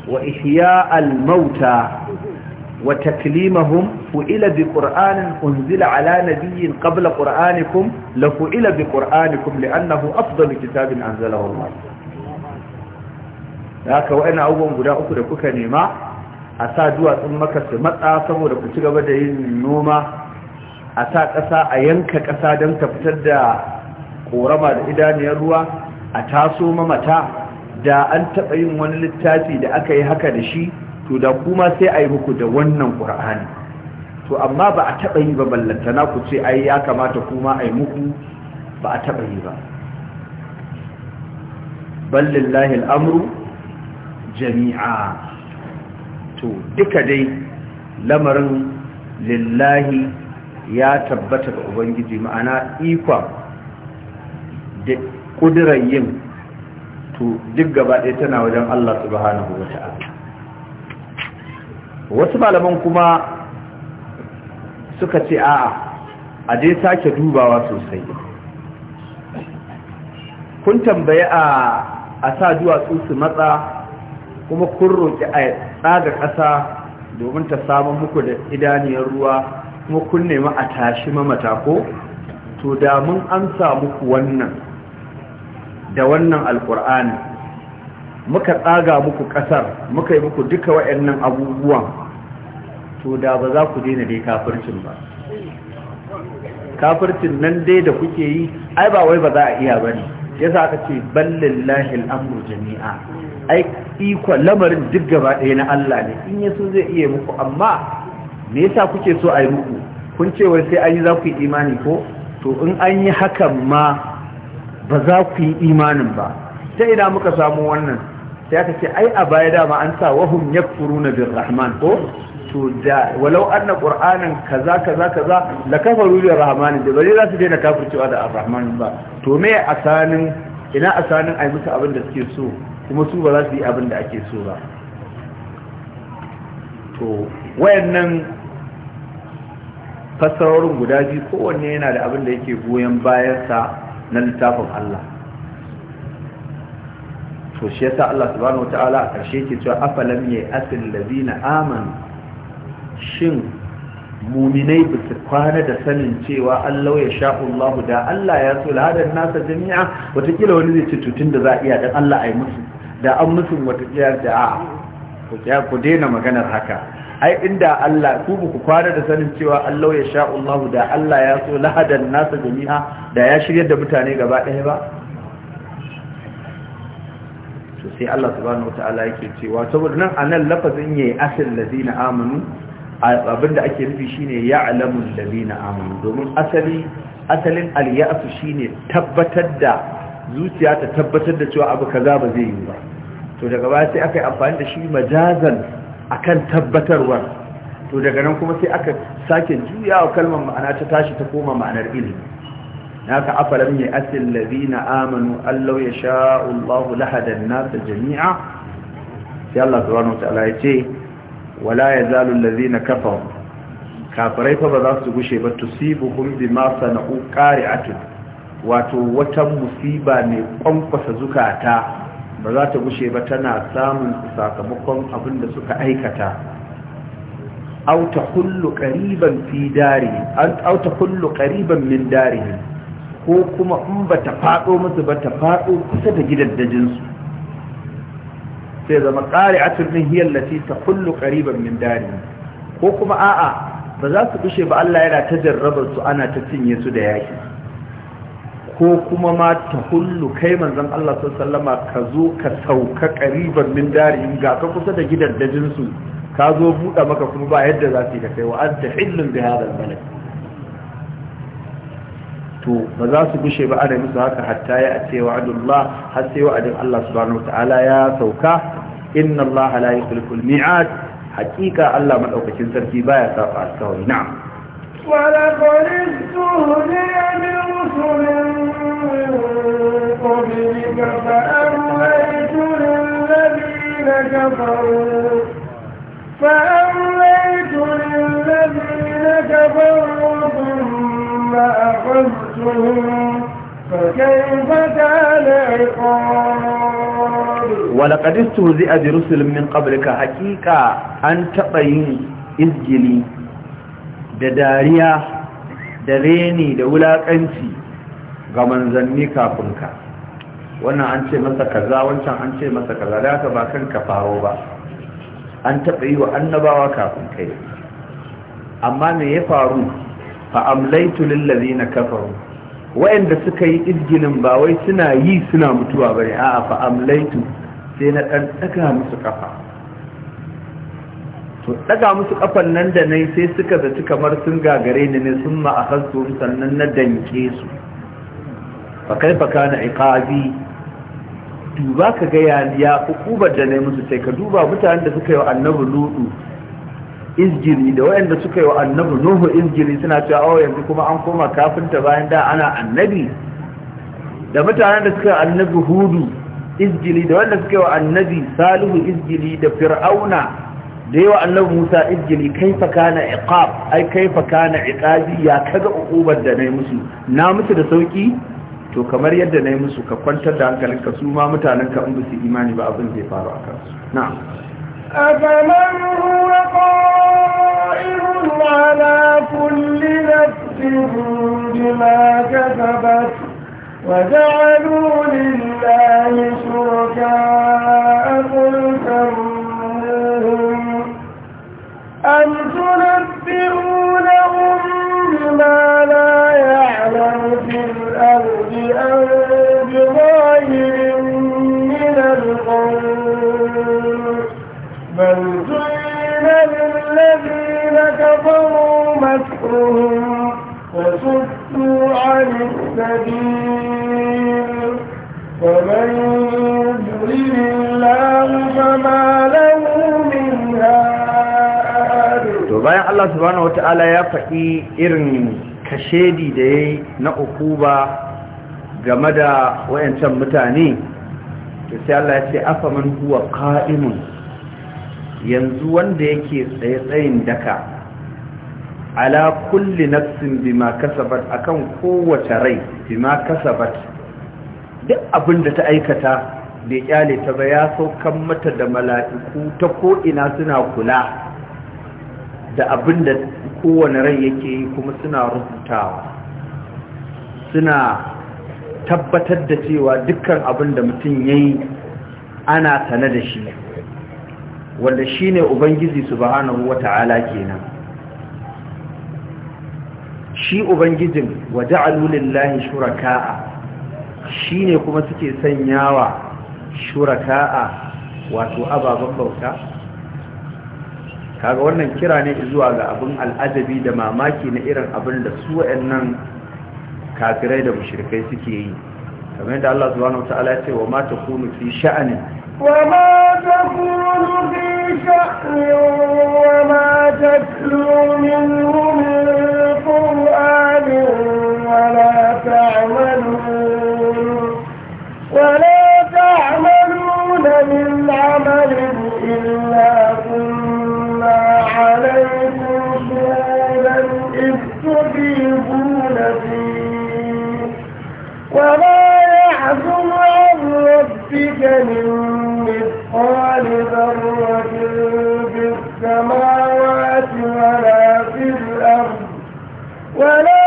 [SPEAKER 1] wa ihya'al mauta wa taklimahum fu'ila bi qur'anin unzila ala nabiyyin qabla qur'anikum la fu'ila bi qur'anikum li'annahu afdalu kitabin anzalahu Allah haka wa'ina abubuwan guda uku da kuka nema a sa duwatsun maka matsa saboda ku ci gaba da yin noma a sa ƙasa a yanka ƙasa don ta fitar da ƙorama da idaniyar ruwa a taso mamata da an taɓa yin wani littafi da aka yi haka da shi to da kuma sai a yi muku da wannan ƙur'ani to amma ba a taɓa yi ba ballantana ku ce ai ya kamata kuma a yi muku ba a taɓa yi ba ballillahi al-amru, jami'a to duka dai lamarin lillahi ya tabbata ga ubangiji ma'ana ikwa da kudurar yin to duk gaba ɗaya tana wajen Allah subhanahu wa ta'ala wasu malaman kuma suka ce a'a a dai sake dubawa sosai kun tambaye a sa duwatsu su matsa kuma kun roƙi a tsaga ƙasa domin ta samun muku da idaniyar ruwa kuma kun nemi a tashi mamata ko to da mun amsa muku wannan da wannan alƙur'ani muka tsaga muku ƙasar muka yi muku duka wa'annan abubuwan to da ba za ku daina dai kafircin ba kafircin nan dai da kuke yi ai ba wai ba za a iya bane yasa ka ce ballillahi al'amru jami'a ai iko lamarin duk gaba ɗaya na Allah ne in yaso zai iya muku amma me yasa kuke so a yi muku kun ce wai sai an yi za ku yi imani ko to in an yi hakan ma ba za ku yi imanin ba ta ina muka samu wannan sai aka ce ai a baya dama an sa wahum yakfuruna birrahman ko to da walau anna qur'anan kaza kaza kaza la kafaru bi rahman da bare za su daina kafircewa da arrahman ba to me asanin ina asanin ai musu abin da suke so kuma su ba za su yi abin da ake so ba to wayannan fassarorin guda biyu kowanne yana da abin da yake goyon bayansa na littafin Allah to shi yasa Allah subhanahu wataala a ƙarshe ke cewa afalam yayi asil ladina aman shin muminai ba su kwana da sanin cewa Allah ya sha'u Allah da Allah ya so ladan nasa jami'a watakila wani zai ce tutun da za a iya dan Allah a yi musu da an musu wata tsayar da a ku daina maganar haka ai inda Allah ku ku kwana da sanin cewa Allah ya sha Allah da Allah ya so lahadan nasa jami'a da ya shirya da mutane gaba ɗaya ba to sai Allah subhanahu wataala yake cewa saboda nan anan lafazin yayi asal ladina amanu abinda ake nufi shine ya'lamu ladina amanu domin asali asalin al-ya'su shine tabbatar da zuciya ta tabbatar da cewa abu kaza ba zai yi ba to daga baya sai aka yi amfani da shi majazan akan tabbatarwar to daga nan kuma sai aka sake juya wa kalmar ma'ana ta tashi ta koma ma'anar ilimi ka afalam ya asil "Lazina amanu allahu ya Sha'ullahu allahu lahadan nasa jami'a sai Allah subhanahu wataala ya ce wala yazalu alladhina kafaru kafirai fa ba za su gushe ba bi ma sana'u qari'atun wato wata musiba ne kwankwasa zukata ba za ta gushe ba tana samun sakamakon abin da suka aikata aw ta kullu
[SPEAKER 2] qariban
[SPEAKER 1] min darihi ko kuma in ba ta faɗo musu ba ta faɗo kusa da gidaddajin su sai zama ƙari qari'atul hiya allati ta kullu ƙariban min darihi ko kuma a'a ba za su gushe ba Allah yana ta jarrabar su ana ta cinye su da yaki ko kuma ma ta hullu kai manzon Allah sallama ka zo ka sauka ƙariban min dari ga ka kusa da gidan dajinsu ka zo buɗe maka kuma ba yadda za su yi ka kai wa an ta hillun bi to ba za su gushe ba ana musu haka hatta ya ce wa adullah har sai wa adin Allah subhanahu ta'ala ya sauka inna Allah la yukhlifu miad haqiqa Allah madaukakin sarki baya saba alkawari
[SPEAKER 2] na'am ولقد استهزئ برسل من قبلك فأمليت للذين كفروا فأمليت للذين كفروا ثم أخذتهم فكيف كان عقاب
[SPEAKER 1] ولقد استهزئ برسل من قبلك حقيقة أن تبين إذجلي da dariya da reni da wulakanci ga manzanni kafin ka wannan an ce masa kaza wancan an ce masa kaza da haka ba kanka faro ba an taɓa yi wa annabawa kafin kai amma me ya faru fa amlaitu na kafaru wayanda suka yi izginin ba wai suna yi suna mutuwa bane a'a fa'amlaitu sai na dan tsaka musu kafa to daga musu kafan nan da nan sai suka zaci kamar sun gagare ni ne sun ma akhastu sannan na danke su fa kaifa kana iqabi duba ka ga ya ya hukubar da nai musu sai ka duba mutanen da suka yi annabi ludu izgiri da wayanda suka yi wa annabi nuhu izgiri suna cewa awa oh, yanzu kuma an koma kafinta bayan da ana annabi da mutanen da suka yi annabi hudu izgiri da wanda suka yi wa annabi salihu izgiri da fir'auna da yawa allon Musa ijili kaifa kana iqab ai kaifa kana iqabi ya kaga ukubar da nayi musu na musu da sauki to kamar yadda nayi musu ka kwantar da hankalinka su ma mutanen ka in ba imani ba abin zai faru akan su
[SPEAKER 3] na'am
[SPEAKER 2] afaman huwa وجعلوا لله شركاء قل أن تنبئونهم بما لا يعلم في الأرض أم بظاهر من القول بل زين للذين كفروا مكرهم وصدوا عن السبيل ومن يضلل الله فما
[SPEAKER 1] bayan Allah subhanahu wata'ala ya faɗi irin kashedi da ya yi na ba game da wayancan mutane to sai Allah ya ce afaman huwa qa'imun yanzu wanda yake tsaye tsayin daka ala kulli nafsin bima kasabat akan kowace rai bima kasabat duk abinda ta aikata bai kyale ta ba ya saukan mata da mala'iku ta ko'ina suna kula da abin da kowane rai yake kuma suna rubutawa suna tabbatar da cewa dukkan abin da mutum ya yi ana sane da shi wanda shi ne ubangiji subhanahu wata'ala kenan shi ubangijin waje alulillahi shuraka'a shi ne kuma suke sanyawa shuraka'a wato ababen bauta kaga wannan kira ne zuwa ga abin al'adabi da mamaki na irin abin da su wayannan kafirai da mushrikai suke yi kamar yadda Allah subhanahu wataala ya ce wa ma takunu fi sha'anin
[SPEAKER 2] wa ma takunu fi sha'anin wa ma tatlu minhu min qur'anin wa la ta'malun wa la ta'malun min illa ربك من مثقال ذرة في السماوات ولا في الأرض ولا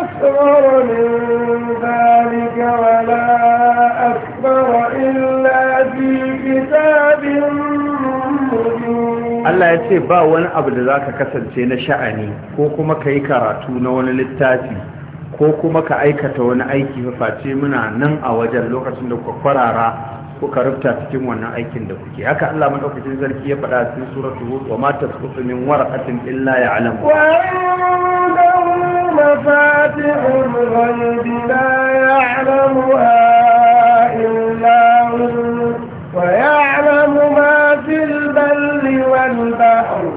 [SPEAKER 2] أصغر من ذلك ولا أكبر إلا في كتاب
[SPEAKER 1] Allah ya ce ba wani abu da za ka kasance na sha'ani ko kuma ka yi karatu na wani littafi ko kuma ka aikata wani aiki face muna nan a wajen lokacin da kuka kwarara kuka rubuta cikin wannan aikin da kuke haka Allah madaukakin sarki ya faɗa cikin suratul hud wa ma tasqutu min waraqatin illa ya'lam
[SPEAKER 2] wa mafatihul ghaib la ya'lamuha illa wa ya'lamu ma fil barri wal bahri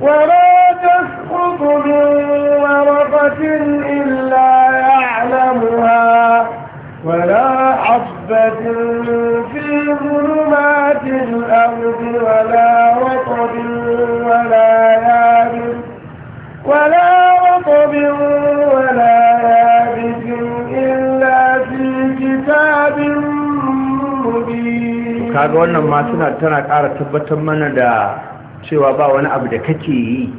[SPEAKER 2] wa la tasqutu min ورقة إلا يعلمها ولا حبة في ظلمات الأرض ولا رطب ولا يابس ولا رطب ولا يابس إلا في كتاب kaga wannan ma suna
[SPEAKER 1] tana ƙara tabbatar mana da cewa ba wani abu da kake yi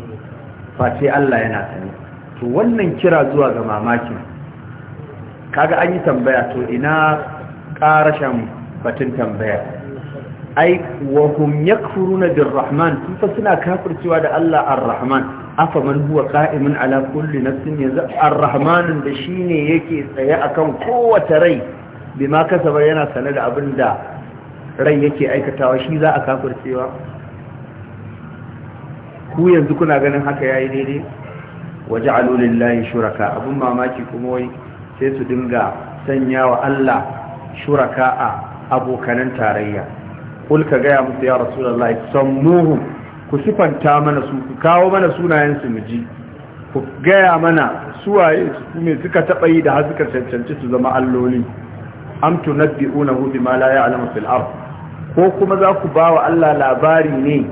[SPEAKER 1] face Allah yana sani to wannan kira zuwa ga mamakin kaga an yi tambaya to ina ƙarashen batun tambaya ai wa hum yakfuruna birrahman sun fa suna kafircewa da Allah ar-rahman afa man huwa qa'imun ala kulli nafsin yanzu ar-rahman da shine yake tsaye akan kowace rai bima kasaba yana sane da abinda rai yake aikatawa shi za a kafircewa ku yanzu kuna ganin haka yayi daidai waje layin shuraka abin mamaki kuma wai sai su dinga sanya wa Allah shuraka a abokanan tarayya kulka gaya musu ya rasulallah sammuhum ku sifanta mana su ku kawo mana sunayensu mu ji ku gaya mana suwaye su mai suka taɓa yi da har suka cancanci su zama alloli am tunabbi'unahu bima la ya'lamu fil ard ko kuma za ku ba wa Allah labari ne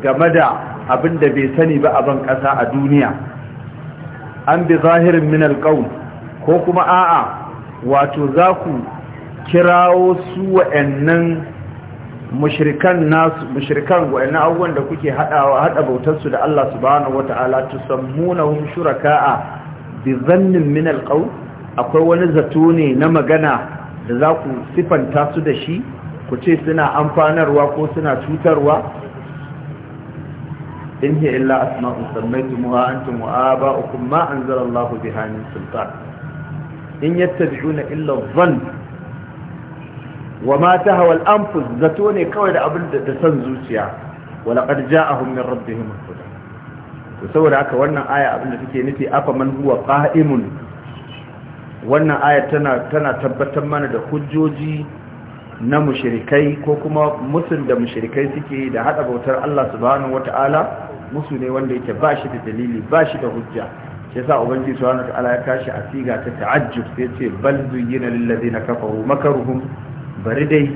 [SPEAKER 1] game da abin da bai sani ba a ban ƙasa a duniya an bi zahirin min alqaul ko kuma a'a wato za ku kirawo su wa'annan mushrikan nasu mushrikan wa'annan abubuwan da kuke hadawa hada bautar su da Allah subhanahu wata'ala shuraka shuraka'a bi zannin min alqaul akwai wani zato ne na magana da za ku sifanta su da shi ku ce suna amfanarwa ko suna cutarwa in hiya illa asma'un sammaytumuha antum wa aba'ukum ma anzalallahu biha min sultan in yattabi'una illa dhann wa ma tahwa al-anfus zato ne kawai da abin da san zuciya wa laqad ja'ahum min rabbihim al-huda to saboda haka wannan aya abin da take nufi afa man huwa qa'imun wannan aya tana tana tabbatar mana da hujjoji na mushirikai ko kuma musul da mushirikai suke da hada bautar Allah subhanahu wata'ala musu ne wanda yake ba shi da dalili ba shi da hujja shi yasa ubangiji subhanahu wataala ya kashi a siga ta ta'ajjub sai ce bal zuyyina lil ladina kafaru makaruhum bari dai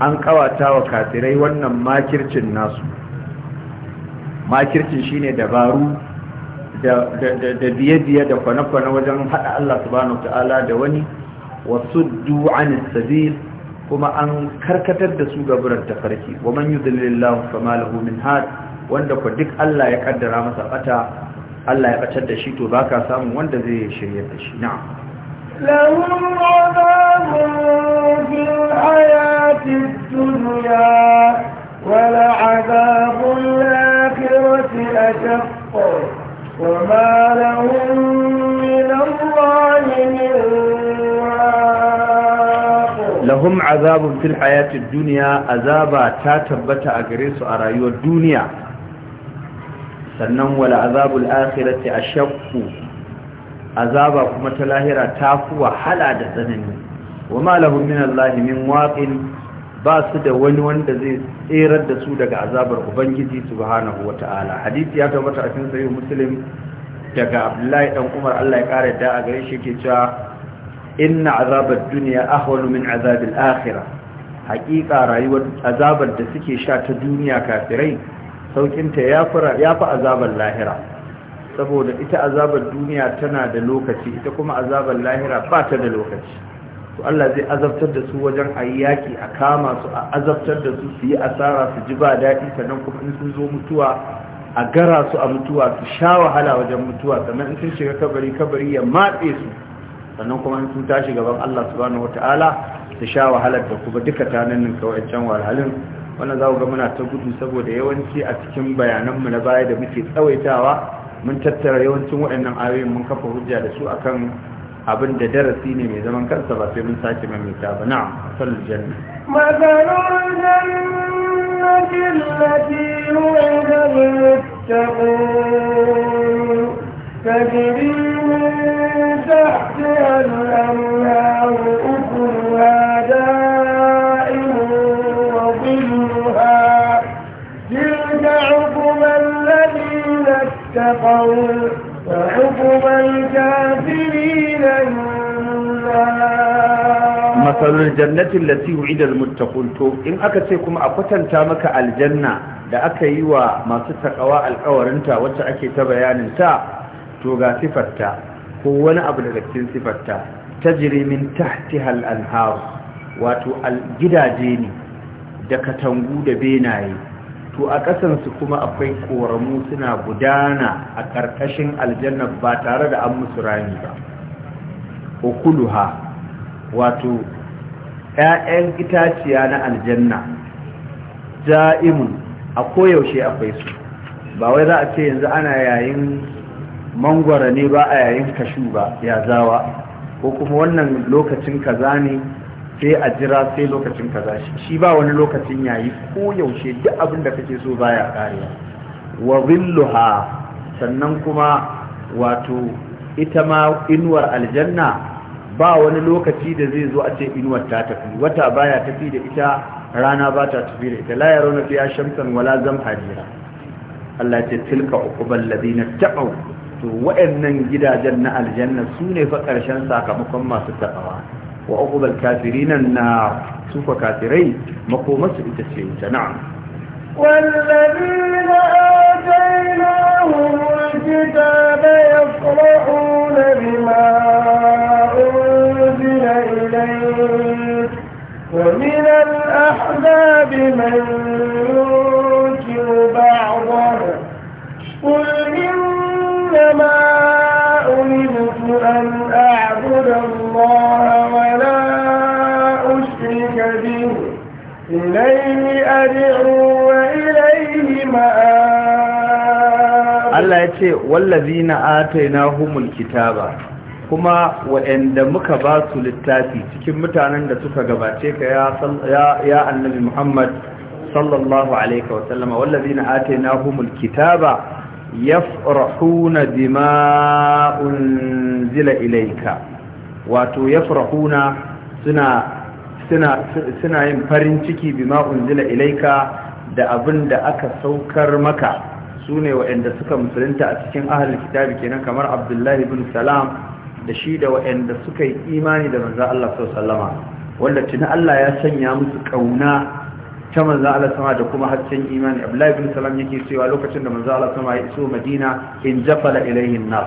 [SPEAKER 1] an kawata wa kafirai wannan makircin nasu makircin shine dabaru da biye-biye da kwane wajen haɗa Allah subhanahu ta'ala da wani wasu du'anin sabil kuma an karkatar da su gaburar tafarki wa man yi lahu min had wanda ku duk Allah ya kaddara masa bata Allah ya bacar da shi to baka samun wanda zai shirye da shi na'am
[SPEAKER 2] lahum adabun fil hayati dunya wal adabul akhirati ashaq وما لهم من الله من
[SPEAKER 1] lahum azabun fil hayatid dunya azaba ta tabbata a gare su a rayuwar duniya sannan wala azabul akhirati ashaqu azaba kuma ta lahira ta fi wahala da tsanani wa ma lahum min allahi min waqin ba su da wani wanda zai tserar da su daga azabar ubangiji subhanahu wata'ala hadisi ya tabbata a cikin sahih muslim daga abdullahi dan umar Allah ya kare da a gare shi ke cewa inna azabad dunya ahwalu min azabil akhirah haqiqa rayuwar azabar da suke sha ta duniya kafirai saukinta ya fi azabar lahira saboda ita azabar duniya tana da lokaci ita kuma azabar lahira ba ta da lokaci to Allah zai azabtar da su wajen ayyaki, yaki a kama su a azabtar da su su yi asara su ji ba daɗi sannan kuma in sun zo mutuwa a gara su a mutuwa su sha wahala wajen mutuwa sannan in sun shiga kabari kabari ya matse su sannan kuma in sun tashi gaban Allah subhanahu wataala su sha wahalar da kuma duka tananin nan kawai can wahalhalin wannan za ku ga muna ta gudu saboda yawanci a cikin bayananmu na baya da muke tsawaitawa mun tattara yawancin waɗannan ayoyin mun kafa hujja da su akan abin da darasi ne mai zaman kansa ba sai mun sake mai ta ba na sallu janna
[SPEAKER 2] masalul jannati allati yu'ida
[SPEAKER 1] matsalul jannatin lati wu'idal muttaqun to in aka ce kuma a kwatanta maka aljanna da aka yi wa masu takawa alkawarinta wacce ake ta bayanin ta to ga sifarta ko wani abu daga cikin sifarta tajri min tahtiha al-anhar wato gidaje ne da katangu da benaye to a su kuma akwai koramu suna gudana a ƙarƙashin aljanna ba tare da an musu rami ba ukuluha wato ‘ya'yan itaciya na aljanna ja'imun a koyaushe akwai su ba wai za a ce yanzu ana yayin mangwara ne ba a yayin kashu ba ya zawa ko kuma wannan lokacin kaza ne sai a jira sai lokacin kaza shi ba wani lokacin yayi koyaushe duk abin da kake so baya karewa wa zilluha sannan kuma wato ita ma inuwar aljanna ba wani lokaci da zai zo a ce inuwar ta tafi wata baya tafi da ita rana ba ta tafi da ita la ya rauna fiya shamsan wala zam hadira Allah ce tilka uqbal ladina taqaw to wayannan gidajen na aljanna sune fa karshen sakamakon masu taqawa wa uqbal kafirina na sufa kafirai makomasu ita ce wuta na'am
[SPEAKER 2] والذين آتيناهم الكتاب يفرحون بما الأحزاب من ينكر بعضه قل إنما أمرت أن أعبد الله ولا أشرك به إليه أدعو وإليه مآب الله
[SPEAKER 1] يتي والذين آتيناهم الكتاب kuma waɗanda muka ba su littafi cikin mutanen da suka gabace ka ya annabi Muhammad sallallahu alaihi wa sallama wallazina atainahumul kitaba yafrahuna bima unzila ilaika wato yafrahuna suna suna yin farin ciki bima unzila ilaika da abin da aka saukar maka sune waɗanda suka musulunta a cikin ahalin kitabi kenan kamar Abdullahi bin Salam da shi da waɗanda suka yi imani da manzan Allah sallama wanda tuni Allah ya sanya musu ƙauna ta manzan Allah sama da kuma hasken imani Abdullahi bin Salam yake cewa lokacin da manzan Allah sama ya iso Madina in jafala ilaihin na.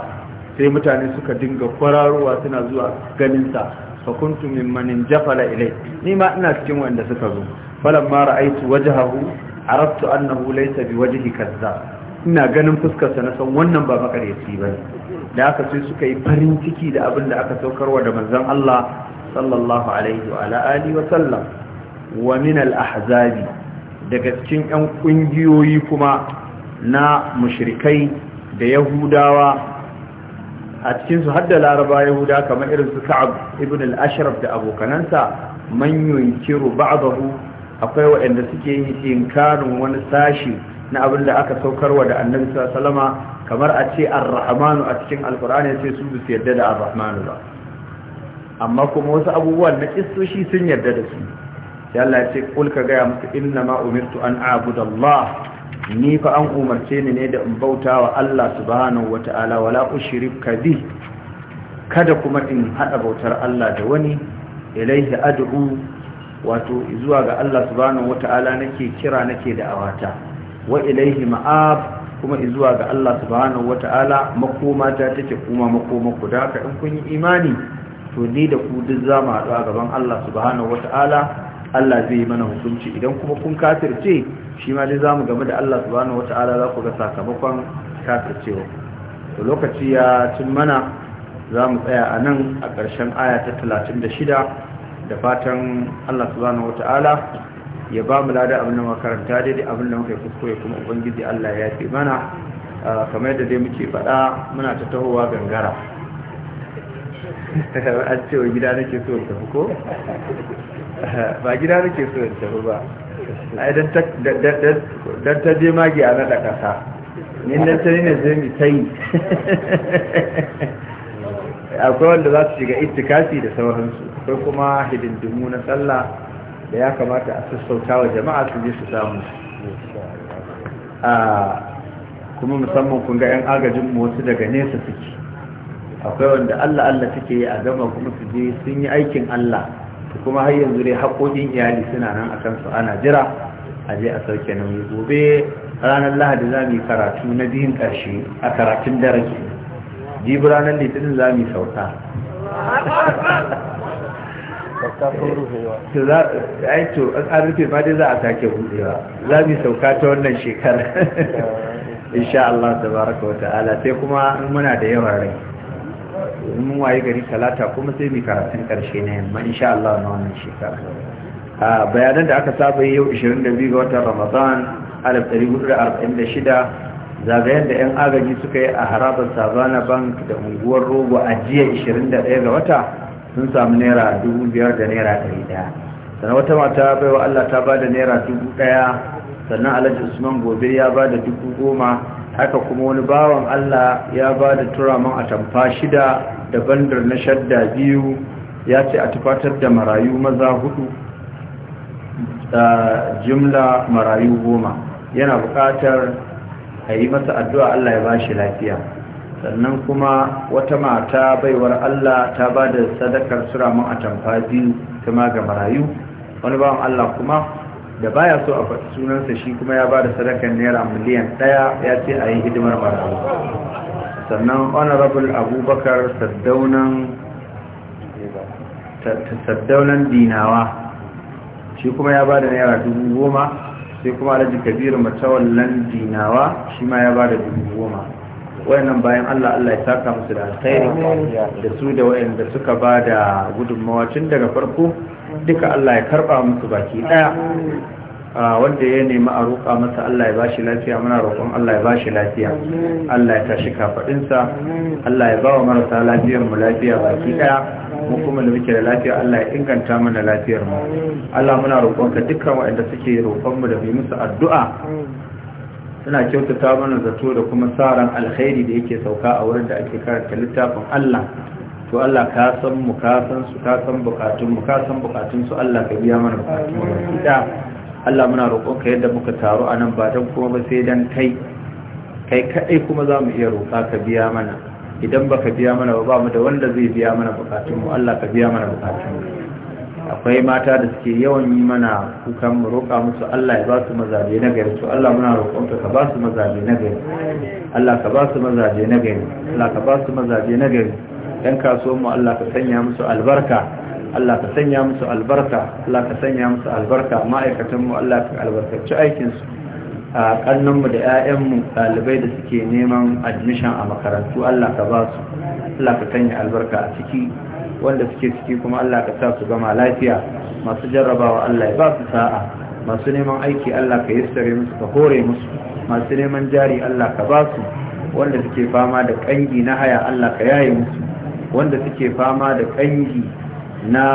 [SPEAKER 1] sai mutane suka dinga kwararowa suna zuwa ganinsa, sa fa kuntu jafala ilai ni ma ina cikin wanda suka zo ma ra'aitu wajhahu arabtu annahu laysa waje kazzab ina ganin fuskarsa na san wannan ba makaryaci bane da aka sai suka yi farin ciki da abin da aka saukarwa da manzon Allah sallallahu alaihi wa alihi wa sallam wa min ahzabi daga cikin yan kungiyoyi kuma na mushrikai da yahudawa a cikinsu hadda laraba yahuda kamar irin su Ka'ab ibn al-Ashraf da abokanansa man yunkiru ba'dahu akwai waɗanda suke yin inkarin wani sashi na abin da aka saukarwa da annabi sallama kamar a ce ar-rahmanu a cikin alkur'ani sai su su yarda da ar-rahmanu ba amma kuma wasu abubuwan na kistoshi sun yarda da su sai Allah ya ce kul ka gaya musu inna ma umirtu an a'budu Allah ni fa an umarce ni ne da in bauta wa Allah subhanahu wata'ala wala ushrika bi kada kuma in hada bautar Allah da wani ilaihi ad'u wato zuwa ga Allah subhanahu wata'ala nake kira nake da awata wa ilaihi ma'ab kuma izuwa ga Allah subhanahu wata'ala makoma ta take kuma makoma ku da haka in kun yi imani to ni da ku duk za mu haɗu a gaban Allah subhanahu wata'ala Allah zai yi mana hukunci idan kuma kun kafirce shi ma dai za mu game da Allah subhanahu wata'ala za ku ga sakamakon kafircewa to lokaci ya cin mana za mu tsaya a nan a ƙarshen aya ta 36 da fatan Allah subhanahu wata'ala ya ba mu lada abin da makaranta daidai abin da muka kuskure kuma ubangiji Allah ya fi mana ah, kamar yadda dai muke faɗa muna ta tahowa gangara an wa gida nake so in tafi ko ba gida nake so in tafi ba ai dan ta je magi a naɗa ƙasa ni nan ta ne zai mi ta yi akwai wanda za su shiga itikafi da sauransu akwai kuma hidindimu na sallah da ya kamata a sassauta wa jama'a su je su samu a kuma musamman kun ga 'yan agajin wasu daga nesa suke akwai wanda allah allah suke yi a gama kuma su je sun yi aikin allah kuma har yanzu dai haƙoƙin iyali suna nan a kansu ana jira a je a sauke nauyi gobe ranar lahadi za mu yi karatu na biyun ƙarshe a karatun dare jibi ranar litinin za mu yi sauta
[SPEAKER 3] to
[SPEAKER 1] za a to an rufe ma dai za a sake budewa za mu sauka ta wannan shekara insha Allah tabaraka wa ta'ala sai kuma muna da yawan rai mun waye gari talata kuma sai mu karatun karshe na yamma insha Allah na wannan shekara a bayanan da aka saba yau 22 ga watan Ramadan 1446 zagayen da 'yan agaji suka yi a harabar savannah bank da unguwar rogo a jiya 21 ga wata sun samu naira dubu biyar da naira ɗari ɗaya sannan wata mata baiwa Allah ta ba da naira dubu ɗaya sannan alhaji usman gobe ya ba da dubu goma haka kuma wani bawan Allah ya ba da turaman atamfa shida da bandar na shadda biyu ya ce a tufatar da marayu maza hudu da jimla marayu goma yana buƙatar a yi masa addu'a Allah ya ba shi lafiya sannan kuma wata mata baiwar Allah ta ba da sadakar a atamfa biyu ta ga marayu wani bawan Allah kuma da baya so a faɗi sunansa shi kuma ya ba da sadakar naira miliyan ɗaya ya ce a yi hidimar marayu sannan honorable abubakar saddaunan dinawa shi kuma ya ba da naira dubu goma sai kuma alhaji kabiru matawallan dinawa shi ma ya ba da dubu goma wayannan bayan Allah Allah ya saka musu da alkhairi da su da wayanda suka ba da gudunmawa tun daga farko duka Allah ya karba musu baki daya wanda ya nemi a roƙa masa Allah ya bashi lafiya muna roƙon Allah ya bashi lafiya Allah ya tashi sa Allah ya ba wa marasa lafiyar mu lafiya baki daya mu kuma da muke da lafiya Allah ya inganta mana lafiyar mu Allah muna roƙonka dukkan wayanda suke roƙon mu da bi musu addu'a suna kyautata mana zato da kuma tsaron alkhairi da yake sauka a wurin da ake karanta littafin Allah to Allah ka san mu ka san su ka san bukatun mu ka san bukatun su Allah ka biya mana bukatun da Allah muna roƙon ka yadda muka taru a nan ba dan kuma ba sai dan kai kai kadai kuma za mu iya roƙa ka biya mana idan baka biya mana ba ba mu da wanda zai biya mana bukatun mu Allah ka biya mana bukatun mu akwai mata da suke yawan yi mana kukan roƙa musu Allah ya ba su mazaje na gari to Allah muna roƙonka ka ba su mazaje na gari Allah ka ba su mazaje na gari Allah ka ba su mazaje na gari dan kaso mu Allah ka sanya musu albarka Allah ka sanya musu albarka Allah ka sanya musu albarka ma'aikatan mu Allah ka albarkaci aikin su a mu da 'ya'yanmu dalibai da suke neman admission a makarantu Allah ka ba su Allah ka sanya albarka a ciki wanda suke ciki kuma Allah ka sa su gama lafiya masu jarrabawa Allah ya ba su sa'a masu neman aiki Allah ka yassare musu ka hore musu masu neman jari Allah ka ba su wanda suke fama da kangi na haya Allah ka yaye musu wanda suke fama da kangi na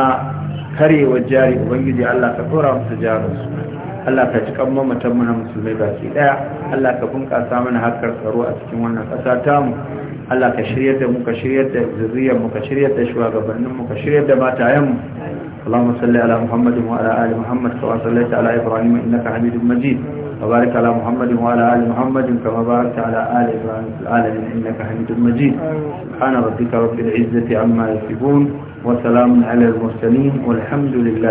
[SPEAKER 1] karewa jari ubangiji Allah ka tura musu su Allah ka kan mamatan na musulmai baki daya Allah ka bunƙasa mana harkar tsaro a cikin wannan ƙasa tamu Allah ka shiryar da mu ka shiryar da zuriyar mu ka shiryar mu اللهم صل على محمد وعلى ال محمد كما صليت على ابراهيم انك حميد مجيد وبارك على محمد وعلى ال محمد كما باركت على ال ابراهيم في العالمين انك حميد
[SPEAKER 2] مجيد سبحان ربك رب العزه عما يصفون وسلام على المرسلين والحمد لله